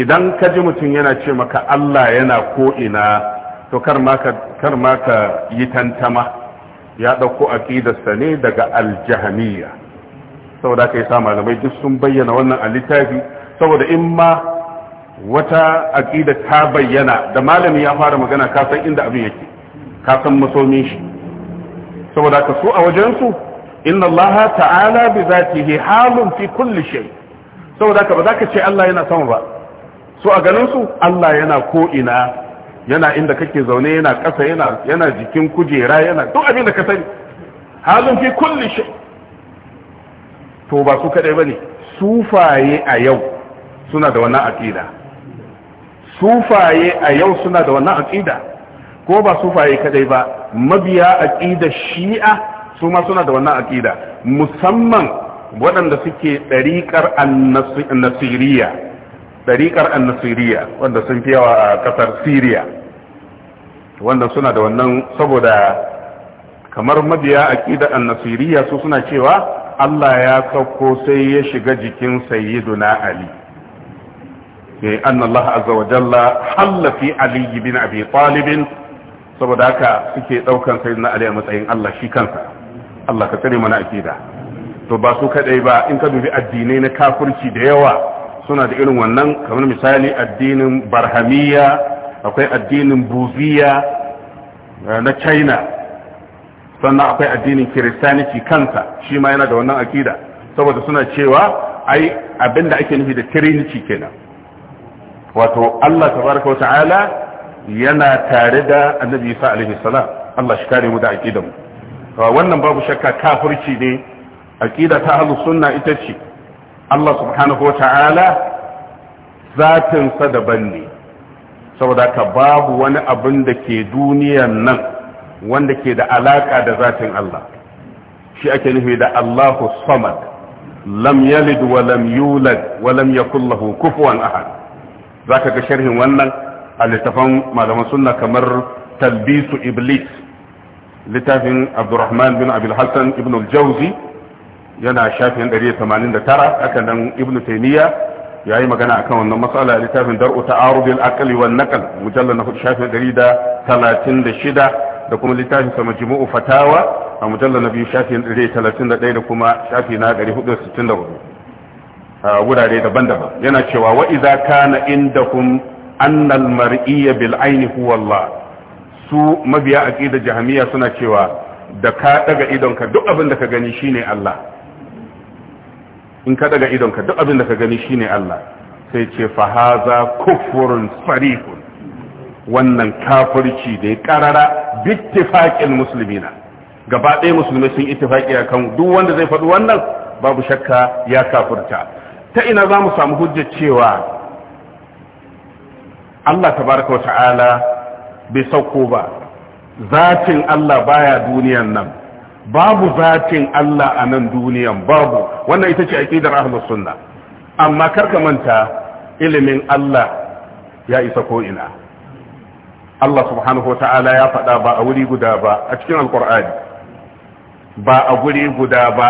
idan ka ji mutum yana ce maka Allah yana ina, to kar ma ka yi tantama ya ɗauko aƙidarsa ne daga aljahamiya saboda ka yi sa malamai duk sun bayyana wannan a littafi saboda in ma wata aƙida ta bayyana da malami ya fara magana ka san inda abin yake ka san masomin shi saboda ka su a wajensu inna Allah ta'ala bi zatihi halun fi kulli shay saboda ka ba za ka ce Allah yana sama ba su a ganin su Allah yana ko ina yana inda kake zaune yana ƙasa yana yana jikin kujera yana duk abin da ka sani halin fi kulli shi. to ba su kadai bane sufaye a yau suna da wannan aqida sufaye a yau suna da wannan aqida ko ba sufaye kadai ba mabiya aqida shi'a su ma suna da wannan aqida musamman waɗanda suke ɗariƙar annasiriya ɗariƙar annasiriya wanda sun fi yawa a ƙasar siriya wanda suna da wannan saboda kamar mabiya a ƙidar annasiriya su suna cewa Allah ya sauko sai ya shiga jikin sayyiduna ali ke eh, anna Allah azza wa jalla halla fi ali bin abi talibin saboda haka suke daukan sayyiduna ali a matsayin Allah shi kansa Allah ka tsare mana ƙida. to ba su kadai ba in ka dubi addinai na kafurci da yawa suna da irin wannan kamar misali addinin barhamiya akwai addinin buziya eh, na china sannan akwai addinin kiristaniki kansa shi ma yana da wannan akida saboda suna cewa ai abinda ake nufi da trinity kenan wato Allah tabaraka wata'ala yana tare da annabi Isa alaihi salam Allah shi kare mu da aqidan mu wannan babu shakka kafirci ne akida ta ahlus sunna ita ce Allah subhanahu wa ta'ala zatinsa daban ne saboda ka babu wani abin da ke duniyan nan wanda ke da alaka da zatin Allah shi ake nufi da Allahu samad lam yalid wa lam yulad wa lam yakul kufuwan ahad zaka ga sharhin wannan a littafin malaman sunna kamar talbisu iblis littafin Abdurrahman bin Abdul ibn al-Jawzi yana shafin 189 haka nan ibn taymiya yi magana akan wannan matsala a littafin dar'u ta'arudil aqli wan naql mujallal na shafin 136 da kuma littafin sa majmu'u fatawa a mujallal na biyu shafin 131 da kuma shafi na 464 a wurare daban-daban yana cewa wa idza kana indakum anna al-mar'iyya bil ayni huwa Allah su mabiya aqidar jahmiya suna cewa da ka daga ka duk abin da ka gani shine Allah in ka daga idonka duk abin da ka gani shine Allah sai ce fahaza kufurun sarihun wannan kafirci da ya karara bittifaqil muslimina gaba ɗaya musulmai sun ittifaqi akan duk wanda zai faɗi wannan babu shakka ya kafirta ta ina za mu samu hujjar cewa Allah tabaraka wa ta'ala bai sauko ba zatin Allah baya duniyan nan babu zatin Allah a nan duniyan babu wannan ita ce aqidar ahlus sunna amma karka manta ilimin Allah ya isa ko ina Allah subhanahu wata'ala ya faɗa ba a wuri guda ba a cikin alqur'ani ba a guri guda ba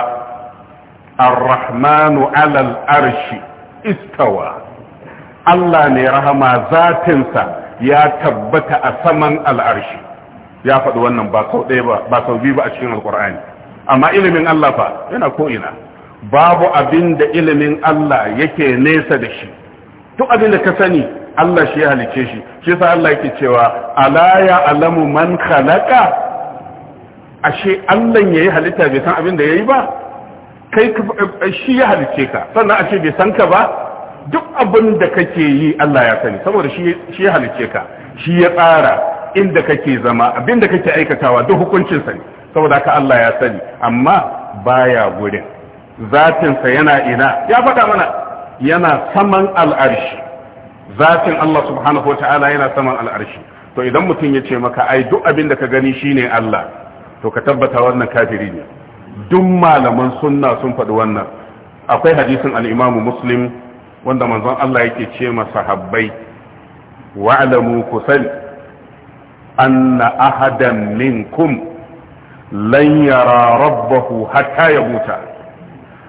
ar-rahmanu 'alal arshi istawa Allah ne rahama zatinsa ya tabbata a saman al'arshi ya faɗi wannan ba sau ɗaya ba ba sau biyu ba a cikin alkur'ani amma ilimin Allah fa yana ko ina babu abin da ilimin Allah yake nesa da shi duk abin da ka sani Allah shi ya halice shi shi yasa Allah yake cewa ala ya alamu man khalaqa ashe Allah yayi halitta bai san abin da yayi ba kai shi ya halice ka sannan ashe bai san ka ba duk abin da kake yi Allah ya sani saboda shi ya halice ka shi ya tsara inda kake zama abinda kake aikatawa duk hukuncinsa ne saboda haka Allah ya sani amma baya gurin zatinsa yana ina ya faɗa mana yana saman al'arshi zatin Allah subhanahu yana saman al'arshi to idan mutum ya ce maka ai duk abin da ka gani shine Allah to ka tabbata wannan kafiri ne duk malaman sunna sun faɗi wannan akwai hadisin al-Imam Muslim wanda manzon Allah yake ce ma sahabbai wa'lamu kusani anna ahadan minkum lan yara rabbahu hatta ya muta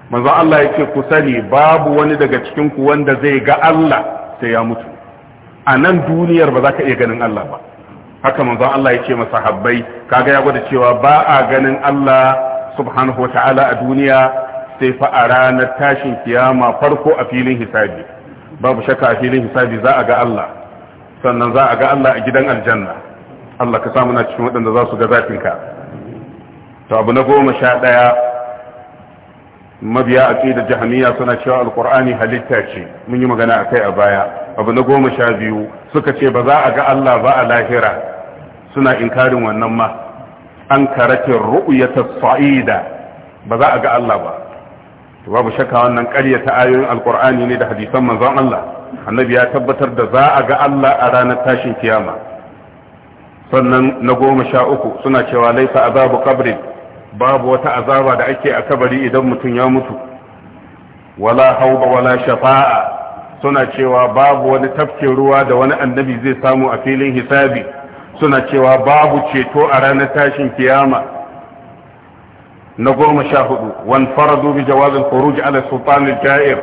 manzo Allah yake ku sani babu wani daga cikin ku wanda zai ga Allah sai ya mutu a nan duniyar ba za ka iya ganin Allah ba haka manzo Allah yake masa habbai kaga ya gwada cewa ba a ganin Allah subhanahu wataala a duniya sai fa a ranar tashin kiyama farko a filin hisabi babu shakka a filin hisabi za a ga Allah sannan za a ga Allah a gidan aljanna Allah ka samu na cikin waɗanda za su ga zafinka to abu na goma sha ɗaya mabiya a da jahamiya suna cewa alkur'ani halitta ce mun yi magana a kai a baya abu na goma sha biyu suka ce ba za a ga Allah ba a lahira suna inkarin wannan ma an karatin ru'yata sa'ida ba za a ga Allah ba babu shakka wannan ta ayoyin alkur'ani ne da hadisan manzon Allah annabi ya tabbatar da za a ga Allah a ranar tashin kiyama sannan na goma sha uku suna cewa laifa azabu kabrin babu wata azaba da ake a kabari idan mutum ya mutu wala hauba wala shafa'a suna cewa babu wani tafke ruwa da wani annabi zai samu a filin hisabi suna cewa babu ceto a ranar tashin kiyama na goma sha hudu wani faradu bi jawazin khuruj ala sultanin ja'ir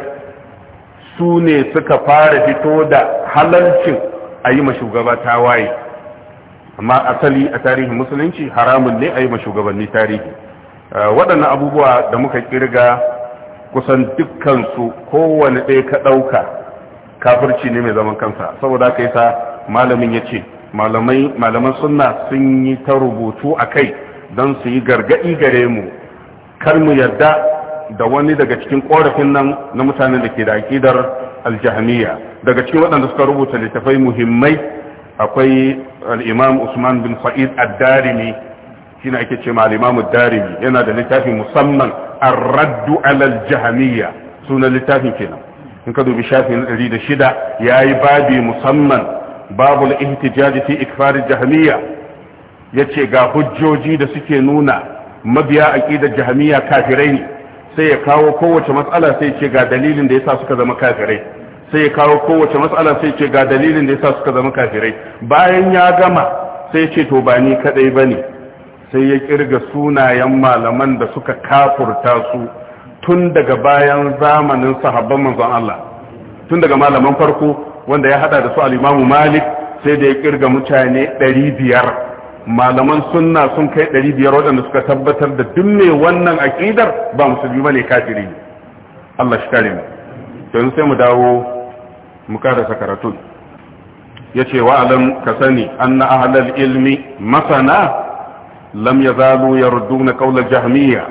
su ne suka fara fito da halalcin a yi ma shugaba tawaye amma asali a tarihin musulunci haramun ne a yi shugabanni tarihi uh, waɗannan abubuwa da muka kirga kusan dukkansu kowane ɗaya ka ɗauka kafirci ne mai zaman kansa saboda ka yasa malamin ya ce malaman sunna sun yi ta rubutu a kai don su yi gargaɗi gare mu kar mu yarda da wani daga cikin ƙorafin nan na mutanen da ke da aƙidar aljahaniya daga cikin waɗanda suka rubuta littafai muhimmai akwai al'imam Usman bin Fa'id addarimi shi shine ake cewa al darimi yana da littafin musamman ar-radd ala jahmiyya sunan littafin kenan in ka dubi shafin ya yayi babi musamman babu ihtijaj fi ikfar jahamiya jahmiyya yace ga hujjoji da suke nuna mabiya aƙidar jahmiyya kafirai ne sai ya kawo kowace matsala sai ce ga dalilin da yasa suka zama kafirai sai ya kawo kowace matsala sai ce ga dalilin da yasa suka zama kafirai bayan ya gama sai ce to ba ni kadai bane sai ya kirga sunayen malaman da suka kafurta su tun daga bayan zamanin sahabban manzon Allah tun daga malaman farko wanda ya hada da su al-Imam Malik sai da ya kirga mutane 500 malaman sunna sun kai 500 waɗanda suka tabbatar da duk mai wannan akidar ba musulmi bane kafiri Allah shi kare mu yanzu sai mu dawo mu karasa karatun ya ce wa'alan ka sani an na ahalar ilmi masana lam ya zalu yardu na kaular jahmiya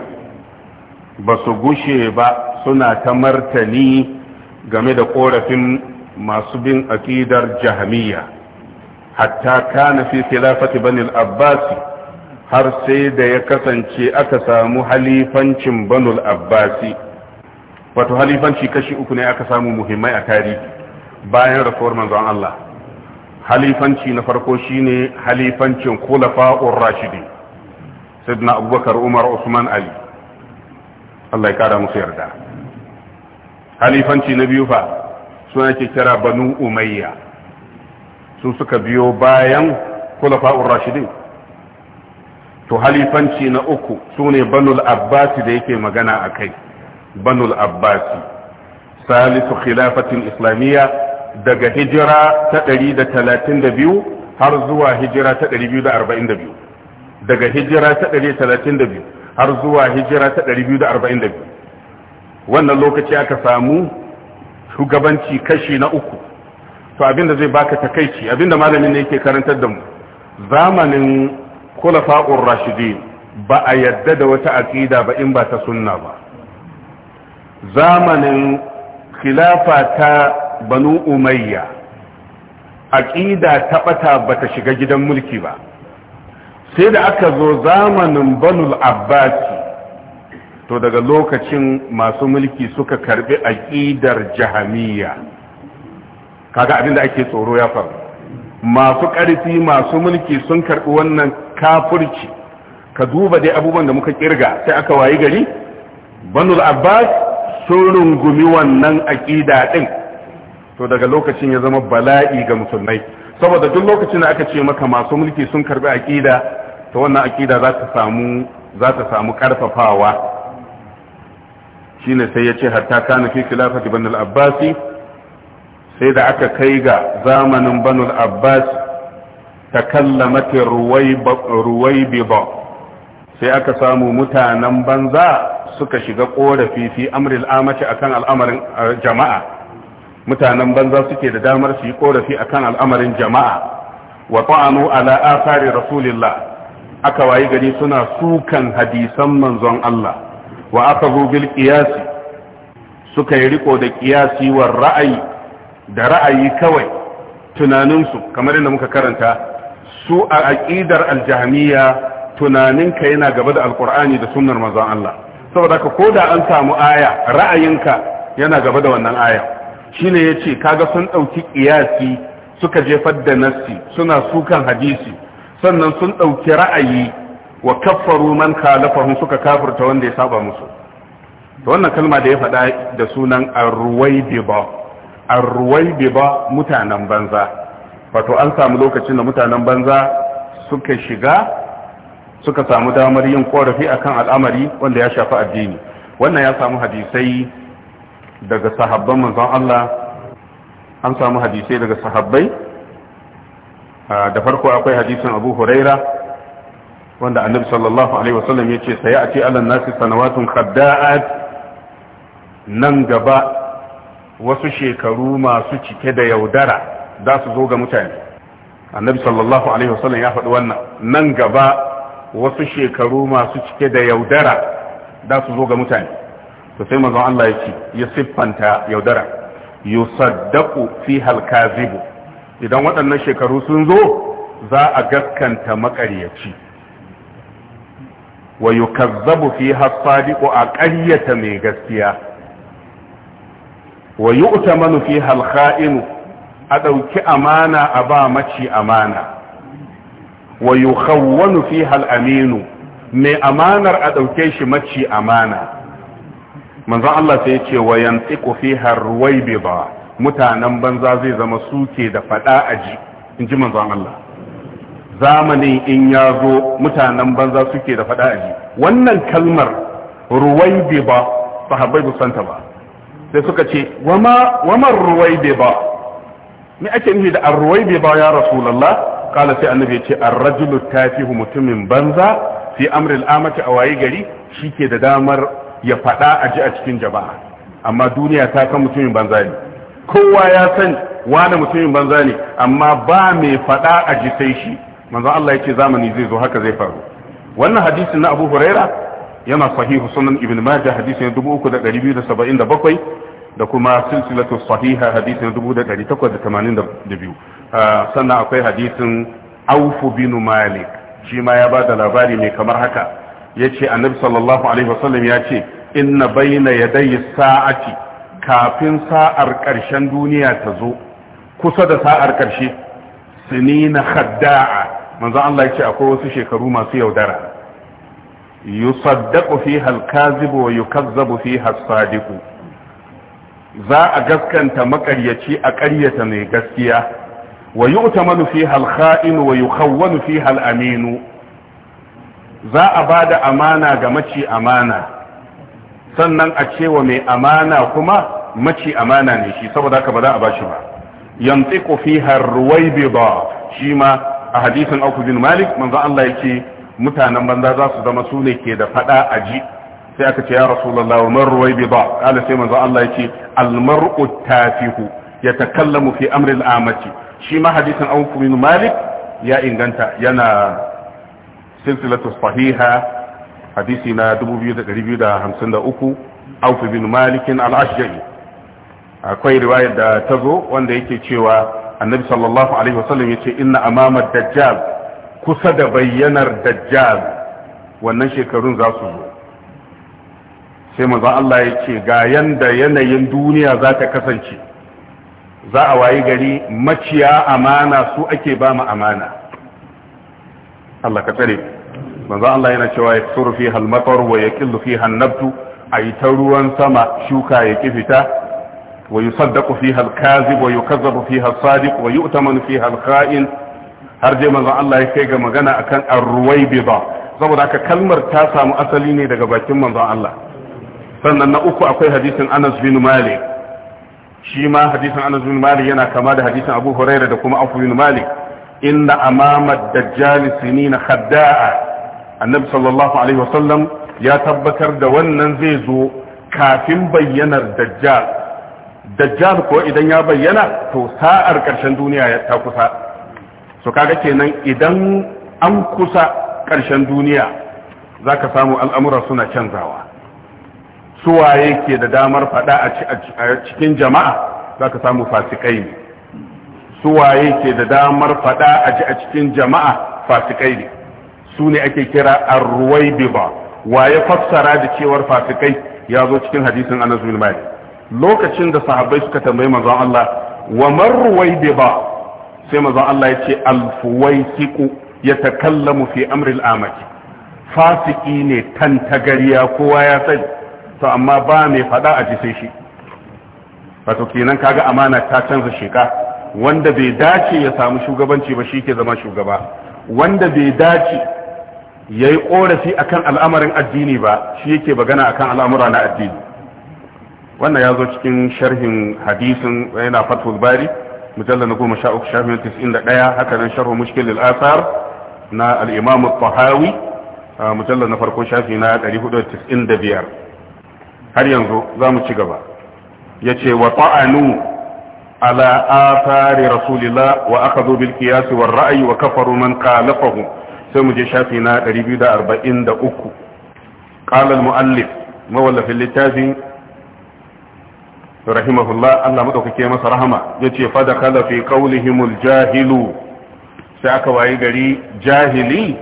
ba su gushe ba suna ta martani game da korafin masu bin akidar jahmiya hatta na fi khilafati bani abbasi har sai da ya kasance aka samu halifancin banul abbasi wato halifanci kashi uku ne aka samu muhimmai a tarihi bayan rasuwar manzon Allah halifanci na farko shine halifancin khulafa'ur rashidi sidna abubakar umar usman ali Allah ya kara musu yarda halifanci na biyu fa suna ke kira banu umayya su suka biyo bayan khulafa'ur rashidin to halifanci na uku sune banul abbasi da yake magana a kai banul abbasi salisu khilafatin islamiyya daga hijira ta 132 har zuwa hijira ta 242 daga hijira ta 132 har zuwa hijira ta 242 wannan lokaci aka samu shugabanci kashi na uku to abinda zai baka takaici abinda malamin ne yake karantar da mu zamanin kulafa'ur Rashidi ba a yadda da wata aqida ba in ba ta sunna ba zamanin khilafa ta banu umayya aƙida ta ɓata bata shiga gidan mulki ba sai da aka zo zamanin banul abbasi to daga lokacin masu mulki suka karbi aƙidar jahamiya kaga abin da ake tsoro ya faru masu ƙarfi masu mulki sun karbi wannan kafurci ka duba dai abubuwan da muka kirga sai aka wayi gari banul abbas sun rungumi wannan aƙida ɗin to daga lokacin ya zama bala'i ga musulmai saboda duk lokacin da aka ce maka masu mulki sun karbi aqida to wannan aqida za ta samu za ta samu karfafawa shine sai ya ce hatta kana fi khilafati ibn abbasi sai da aka kai ga zamanin banu ta abbas takallamat ruwaybiba sai aka samu mutanen banza suka shiga korafi fi amril amati akan al'amarin eh, jama'a mutanen banza suke da damar su yi korafi akan al'amarin jama'a wa ta'anu ala asari rasulillah aka wayi gari suna sukan hadisan manzon Allah wa aka bil qiyasi suka yi riko da qiyasi wa ra'ayi da ra'ayi kawai tunaninsu kamar yadda muka karanta su a aqidar aljahamiya, tunaninka yana gaba da alkur'ani da sunnar manzon Allah saboda ka koda an samu aya ra'ayinka yana gaba da wannan aya ne shine ce kaga sun ɗauki ƙiyasi suka jefar da nassi suna sukan hadisi sannan sun ɗauki ra'ayi wa kaffaru man khalafahum suka kafirta wanda ya saba musu wannan kalma da ya faɗa da sunan arwaibiba arwaibiba mutanen banza wato an samu lokacin da mutanen banza suka shiga suka samu damar yin korafi akan al'amari wanda ya shafi addini wannan ya samu hadisai daga sahabban manzon Allah an samu hadisai daga sahabbai da farko akwai hadisin Abu Huraira wanda Annabi sallallahu alaihi wasallam yace sayati ala nasi sanawatun khadda'at nan gaba wasu shekaru masu cike da yaudara za su zo ga mutane Annabi sallallahu alaihi wasallam ya faɗi wannan nan gaba wasu shekaru masu cike da yaudara za su zo ga mutane to sai manzon Allah ya ce ya siffanta yaudara yusaddaqu fiha al idan waɗannan shekaru sun zo za a gaskanta makaryaci wa yukazzabu fiha as a ƙaryata mai gaskiya wa yu'tamanu fiha al a ɗauki amana a ba maci amana wa yukhawwanu fiha al-aminu mai amanar a ɗauke shi maci amana manzo Allah sai ya ce wa yantiqu fiha ruwaybida mutanen banza zai zama suke da fada aji inji manzo Allah zamanin in ya zo mutanen banza suke da fada aji wannan kalmar ruwaybida sahabbai ba santa ba sai suka ce wama wama ruwaybida me ake nufi da ruwaybida ya rasulullah kala sai annabi ya ce ar-rajulu tafihu mutumin banza fi amril amati a waye gari shike da damar ya faɗa a ji a cikin jama'a amma duniya ta kan mutumin banza ne kowa ya san wani mutumin banza ne amma ba mai faɗa a ji sai shi manzon Allah ya ce zamani zai zo haka zai faru wannan hadisin na Abu Huraira yana sahihu sunan Ibn Majah hadisi na 3277 da kuma silsilatu sahiha hadisi na 1882 ah, sannan akwai hadisin Auf bin Malik shi ma ya ba da labari mai kamar haka yace annabi sallallahu alaihi wasallam ya ce inna bayna yadayi sa'ati kafin sa'ar ƙarshen duniya ta zo kusa da sa'ar ƙarshe sinina khadda'a manzo Allah ce akwai wasu shekaru masu yaudara yusaddaqu fiha al-kazib wa yukazzabu fiha as-sadiq za a gaskanta makaryaci a ƙaryata mai gaskiya wa yu'tamanu fiha al-kha'in wa yukhawwanu fiha al-aminu za a ba da amana ga maci amana sannan a cewa mai amana kuma maci amana ne shi saboda haka ba za a ba shi ba yantiqu fiha ruwaybida shi ma a hadisin Abu bin Malik manzo Allah ce mutanen banza za su zama su ne ke da fada ji sai aka ce ya rasulullah man ruwaybida kala sai manzo Allah yake al mar'u tafihu yatakallamu fi amri al amati shi ma hadisin Abu bin Malik ya inganta yana silsilatu sahiha hadisi na auf bin malik al akwai riwayar da ta zo wanda yake cewa annabi sallallahu alaihi in na amamar amama dajjal kusa da bayyanar dajjal wannan shekarun za su zo sai manzon Allah ya ce ga yanda yanayin duniya za ta kasance za a wayi gari maciya amana su ake ba mu amana Allah tsare manzo Allah yana cewa ya tsuru fi halmatar wa ya killu fi hannabtu a yi ta ruwan sama shuka ya ƙi fita wa yi saddaku fi halkazib wa yi kazzabu fi halsadiq wa yi utaman fi halka'in har je manzo Allah ya kai ga magana akan arruwai biba saboda haka kalmar ta samu asali ne daga bakin manzo Allah sannan na uku akwai hadisin Anas bin Malik shi ma hadisin Anas bin Malik yana kama da hadisin Abu Hurairah da kuma Abu bin Malik inna amama ad-dajjal sinina khadda'a annabi sallallahu alaihi wasallam ya tabbatar da wannan zai zo kafin bayyanar dajjal dajjal ko idan ya bayyana to sa'ar ƙarshen duniya ta kusa so kaga kenan idan an kusa ƙarshen duniya ka samu al'amura suna canzawa suwaye ke da damar faɗa a cikin jama'a ka samu fasikai ne suwaye ke da damar faɗa a cikin jama'a fasikai ne su ne ake kira arruwaibiba wa ya fassara da cewar fasikai ya zo cikin hadisin anas bin malik lokacin da sahabbai suka tambayi manzon Allah wa marruwaibiba sai manzon Allah ya ce alfuwaisiku yatakallamu fi amri al-amati fasiki ne tantagariya kowa ya sani to amma ba mai fada a ji sai shi wato kenan kaga amana ta canza sheka wanda bai dace ya samu shugabanci ba shi ke zama shugaba wanda bai dace ya yi ƙorafi a kan al'amarin addini ba shi yake bagana a kan al'amura na addini wannan ya zo cikin sharhin hadisin yana fatul bari mujallar na goma sha uku shafin tis'in da ɗaya haka nan sharhu mushkil al'asar na al'imamu tahawi mujallar na farko shafi na ɗari hudu tis'in da biyar har yanzu za mu ci gaba ya ce wa ta'anu ala athari rasulillah wa aka zo bil qiyas wa ra'ayi wa kafaru man sai mu je shafi na ɗari arba'in da uku al muallif mawallafin littafin rahimahullah Allah madaukake masa rahama ya ce da kalafi fi qawlihimul jahilu sai aka wayi gari jahili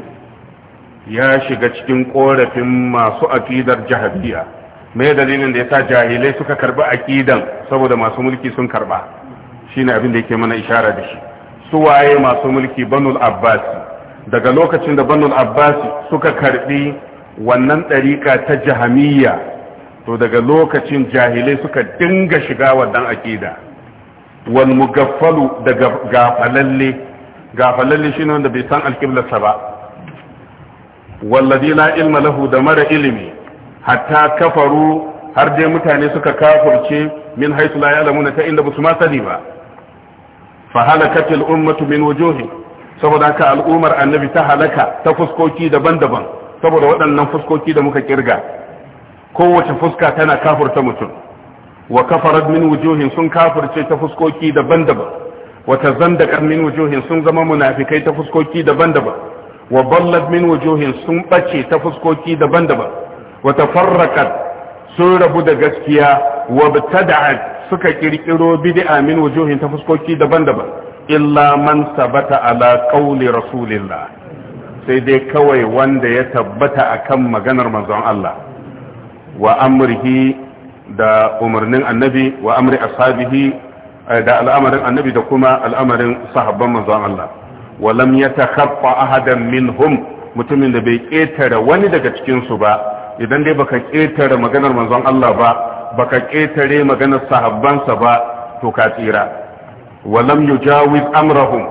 ya shiga cikin korafin masu aqidar jahabiyya me dalilin da yasa jahilai suka karbi aqidan saboda masu mulki sun karba shine abin da yake mana ishara da shi su waye masu mulki banul abbasi daga lokacin da banul abbasi suka karbi wannan ɗariƙa ta jahamiyya to daga lokacin jahilai suka dinga shiga wannan aƙida wal mugaffalu daga gafalalle gafalalle shine wanda bai san alƙiblarsa ba wallazi la ilma lahu da mara ilimi hatta kafaru har dai mutane suka kafurce min haisu la ya'lamuna ta inda basu ma sani ba fa halakatil ummatu min wujuhi saboda haka al'ummar annabi ta halaka ta fuskoki daban-daban saboda waɗannan fuskoki da muka kirga kowace fuska tana kafurta mutum wa kafarat min wujuhin sun kafurce ta fuskoki daban-daban wa tazandaqat min wujuhin sun zama munafikai ta fuskoki daban-daban wa ballat min wujuhin sun bace ta fuskoki daban-daban wa tafarraqat sun rabu da gaskiya wa suka kirkiro bid'a min wujuhin ta fuskoki daban-daban illa man sabata ala qauli rasulillah sai dai kawai wanda ya tabbata akan maganar manzon Allah wa amrihi da umarnin annabi wa amri ashabihi eh, da al'amarin annabi da kuma al'amarin sahabban manzon Allah wa lam yatakhaffa ahadan minhum mutumin da bai ketare wani daga cikin su ba idan dai baka ketare maganar manzon Allah ba baka ketare maganar sahabbansa ba to ka tsira walam yujawiz amrahum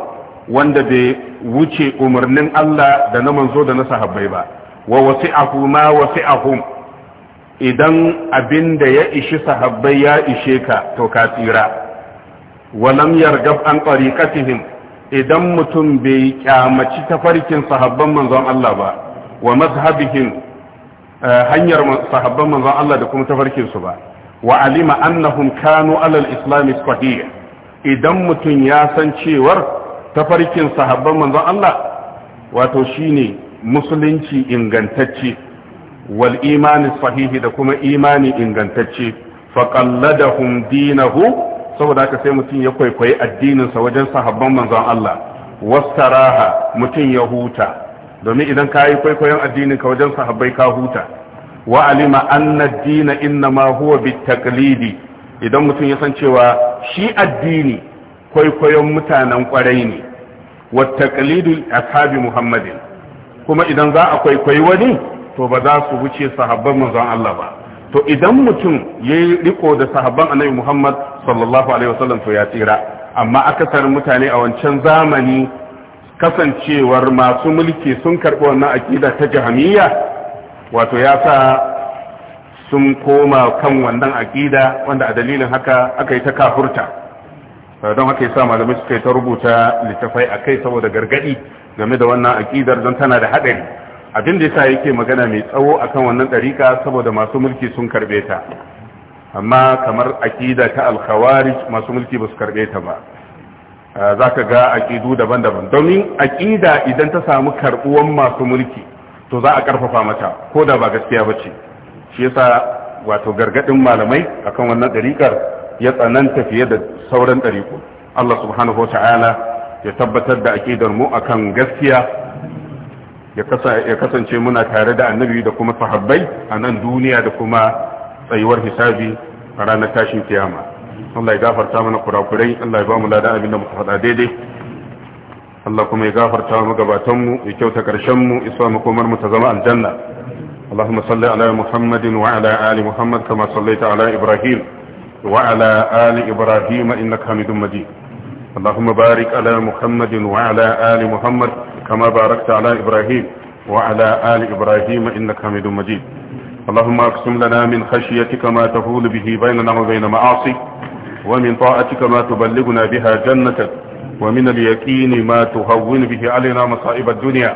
wanda bai wuce umarnin Allah da na manzo da na sahabbai ba wa wasi'ahu ma wasi'ahum idan abin da ya ishi sahabbai ya ishe ka to ka tsira walam yargab an tariqatihim idan mutum bai kyamaci tafarkin sahabban manzon Allah ba wa mazhabihim eh, hanyar sahabban manzon Allah da kuma tafarkin su ba wa alima annahum kanu alal islami sahih idan mutum ya san cewar tafarkin sahabban manzon Allah wato shine musulunci ingantacce wal imani sahihi da kuma imani ingantacce faqalladahum dinahu saboda haka sai mutum ya kwaikwayi addininsa wajen sahabban manzon Allah wastaraha mutum ya huta domin idan ka yi kwaikwayon addinin ka wajen sahabbai ka huta wa alima anna dina inna ma huwa bitaqlidi idan mutum ya san cewa shi addini kwaikwayon mutanen kwarai ne wa taqlidul ashabi muhammadin kuma idan za a kwaikwayi wani to ba za su wuce sahabban manzon Allah ba to idan mutum yayi riko da sahabban annabi Muhammad sallallahu alaihi wasallam to ya tsira amma akasarin mutane a wancan zamani kasancewar masu mulki sun karɓi wannan aƙida ta jahamiyya wato ya sa sun koma kan wannan aƙida wanda a dalilin haka aka yi ta kafurta eh, don haka yasa malamai suka ta rubuta littafai a kai saboda gargaɗi game da wannan aƙidar don tana da haɗari abin da yasa yake magana mai tsawo akan wannan ɗarika saboda masu mulki sun karɓe ta amma kamar aƙida ta alkhawarij masu mulki ba su karɓe ta ba eh, za ka ga aƙidu daban-daban domin aƙida idan ta samu karɓuwan masu mulki to za a ƙarfafa mata ko da ba gaskiya ba ce shi yasa wato gargadin malamai akan wannan dariƙar ya tsananta fiye da sauran ɗariƙu Allah subhanahu wa ta'ala ya tabbatar da aƙidar mu akan gaskiya ya kasance muna tare da annabi da kuma sahabbai a nan duniya da kuma tsayuwar hisabi a ranar tashin kiyama Allah ya gafarta mana kurakurai Allah ya ba mu ladan abin da muka faɗa daidai Allah kuma ya gafarta mu gabatanmu ya kyauta mu isa mu komar mu ta zama aljanna اللهم صل على محمد وعلى آل محمد كما صليت على إبراهيم وعلى آل إبراهيم إنك حميد مجيد اللهم بارك على محمد وعلى آل محمد كما باركت على إبراهيم وعلى آل إبراهيم إنك حميد مجيد اللهم اقسم لنا من خشيتك ما تفول به بيننا وبين معاصيك ومن طاعتك ما تبلغنا بها جنتك ومن اليقين ما تهون به علينا مصائب الدنيا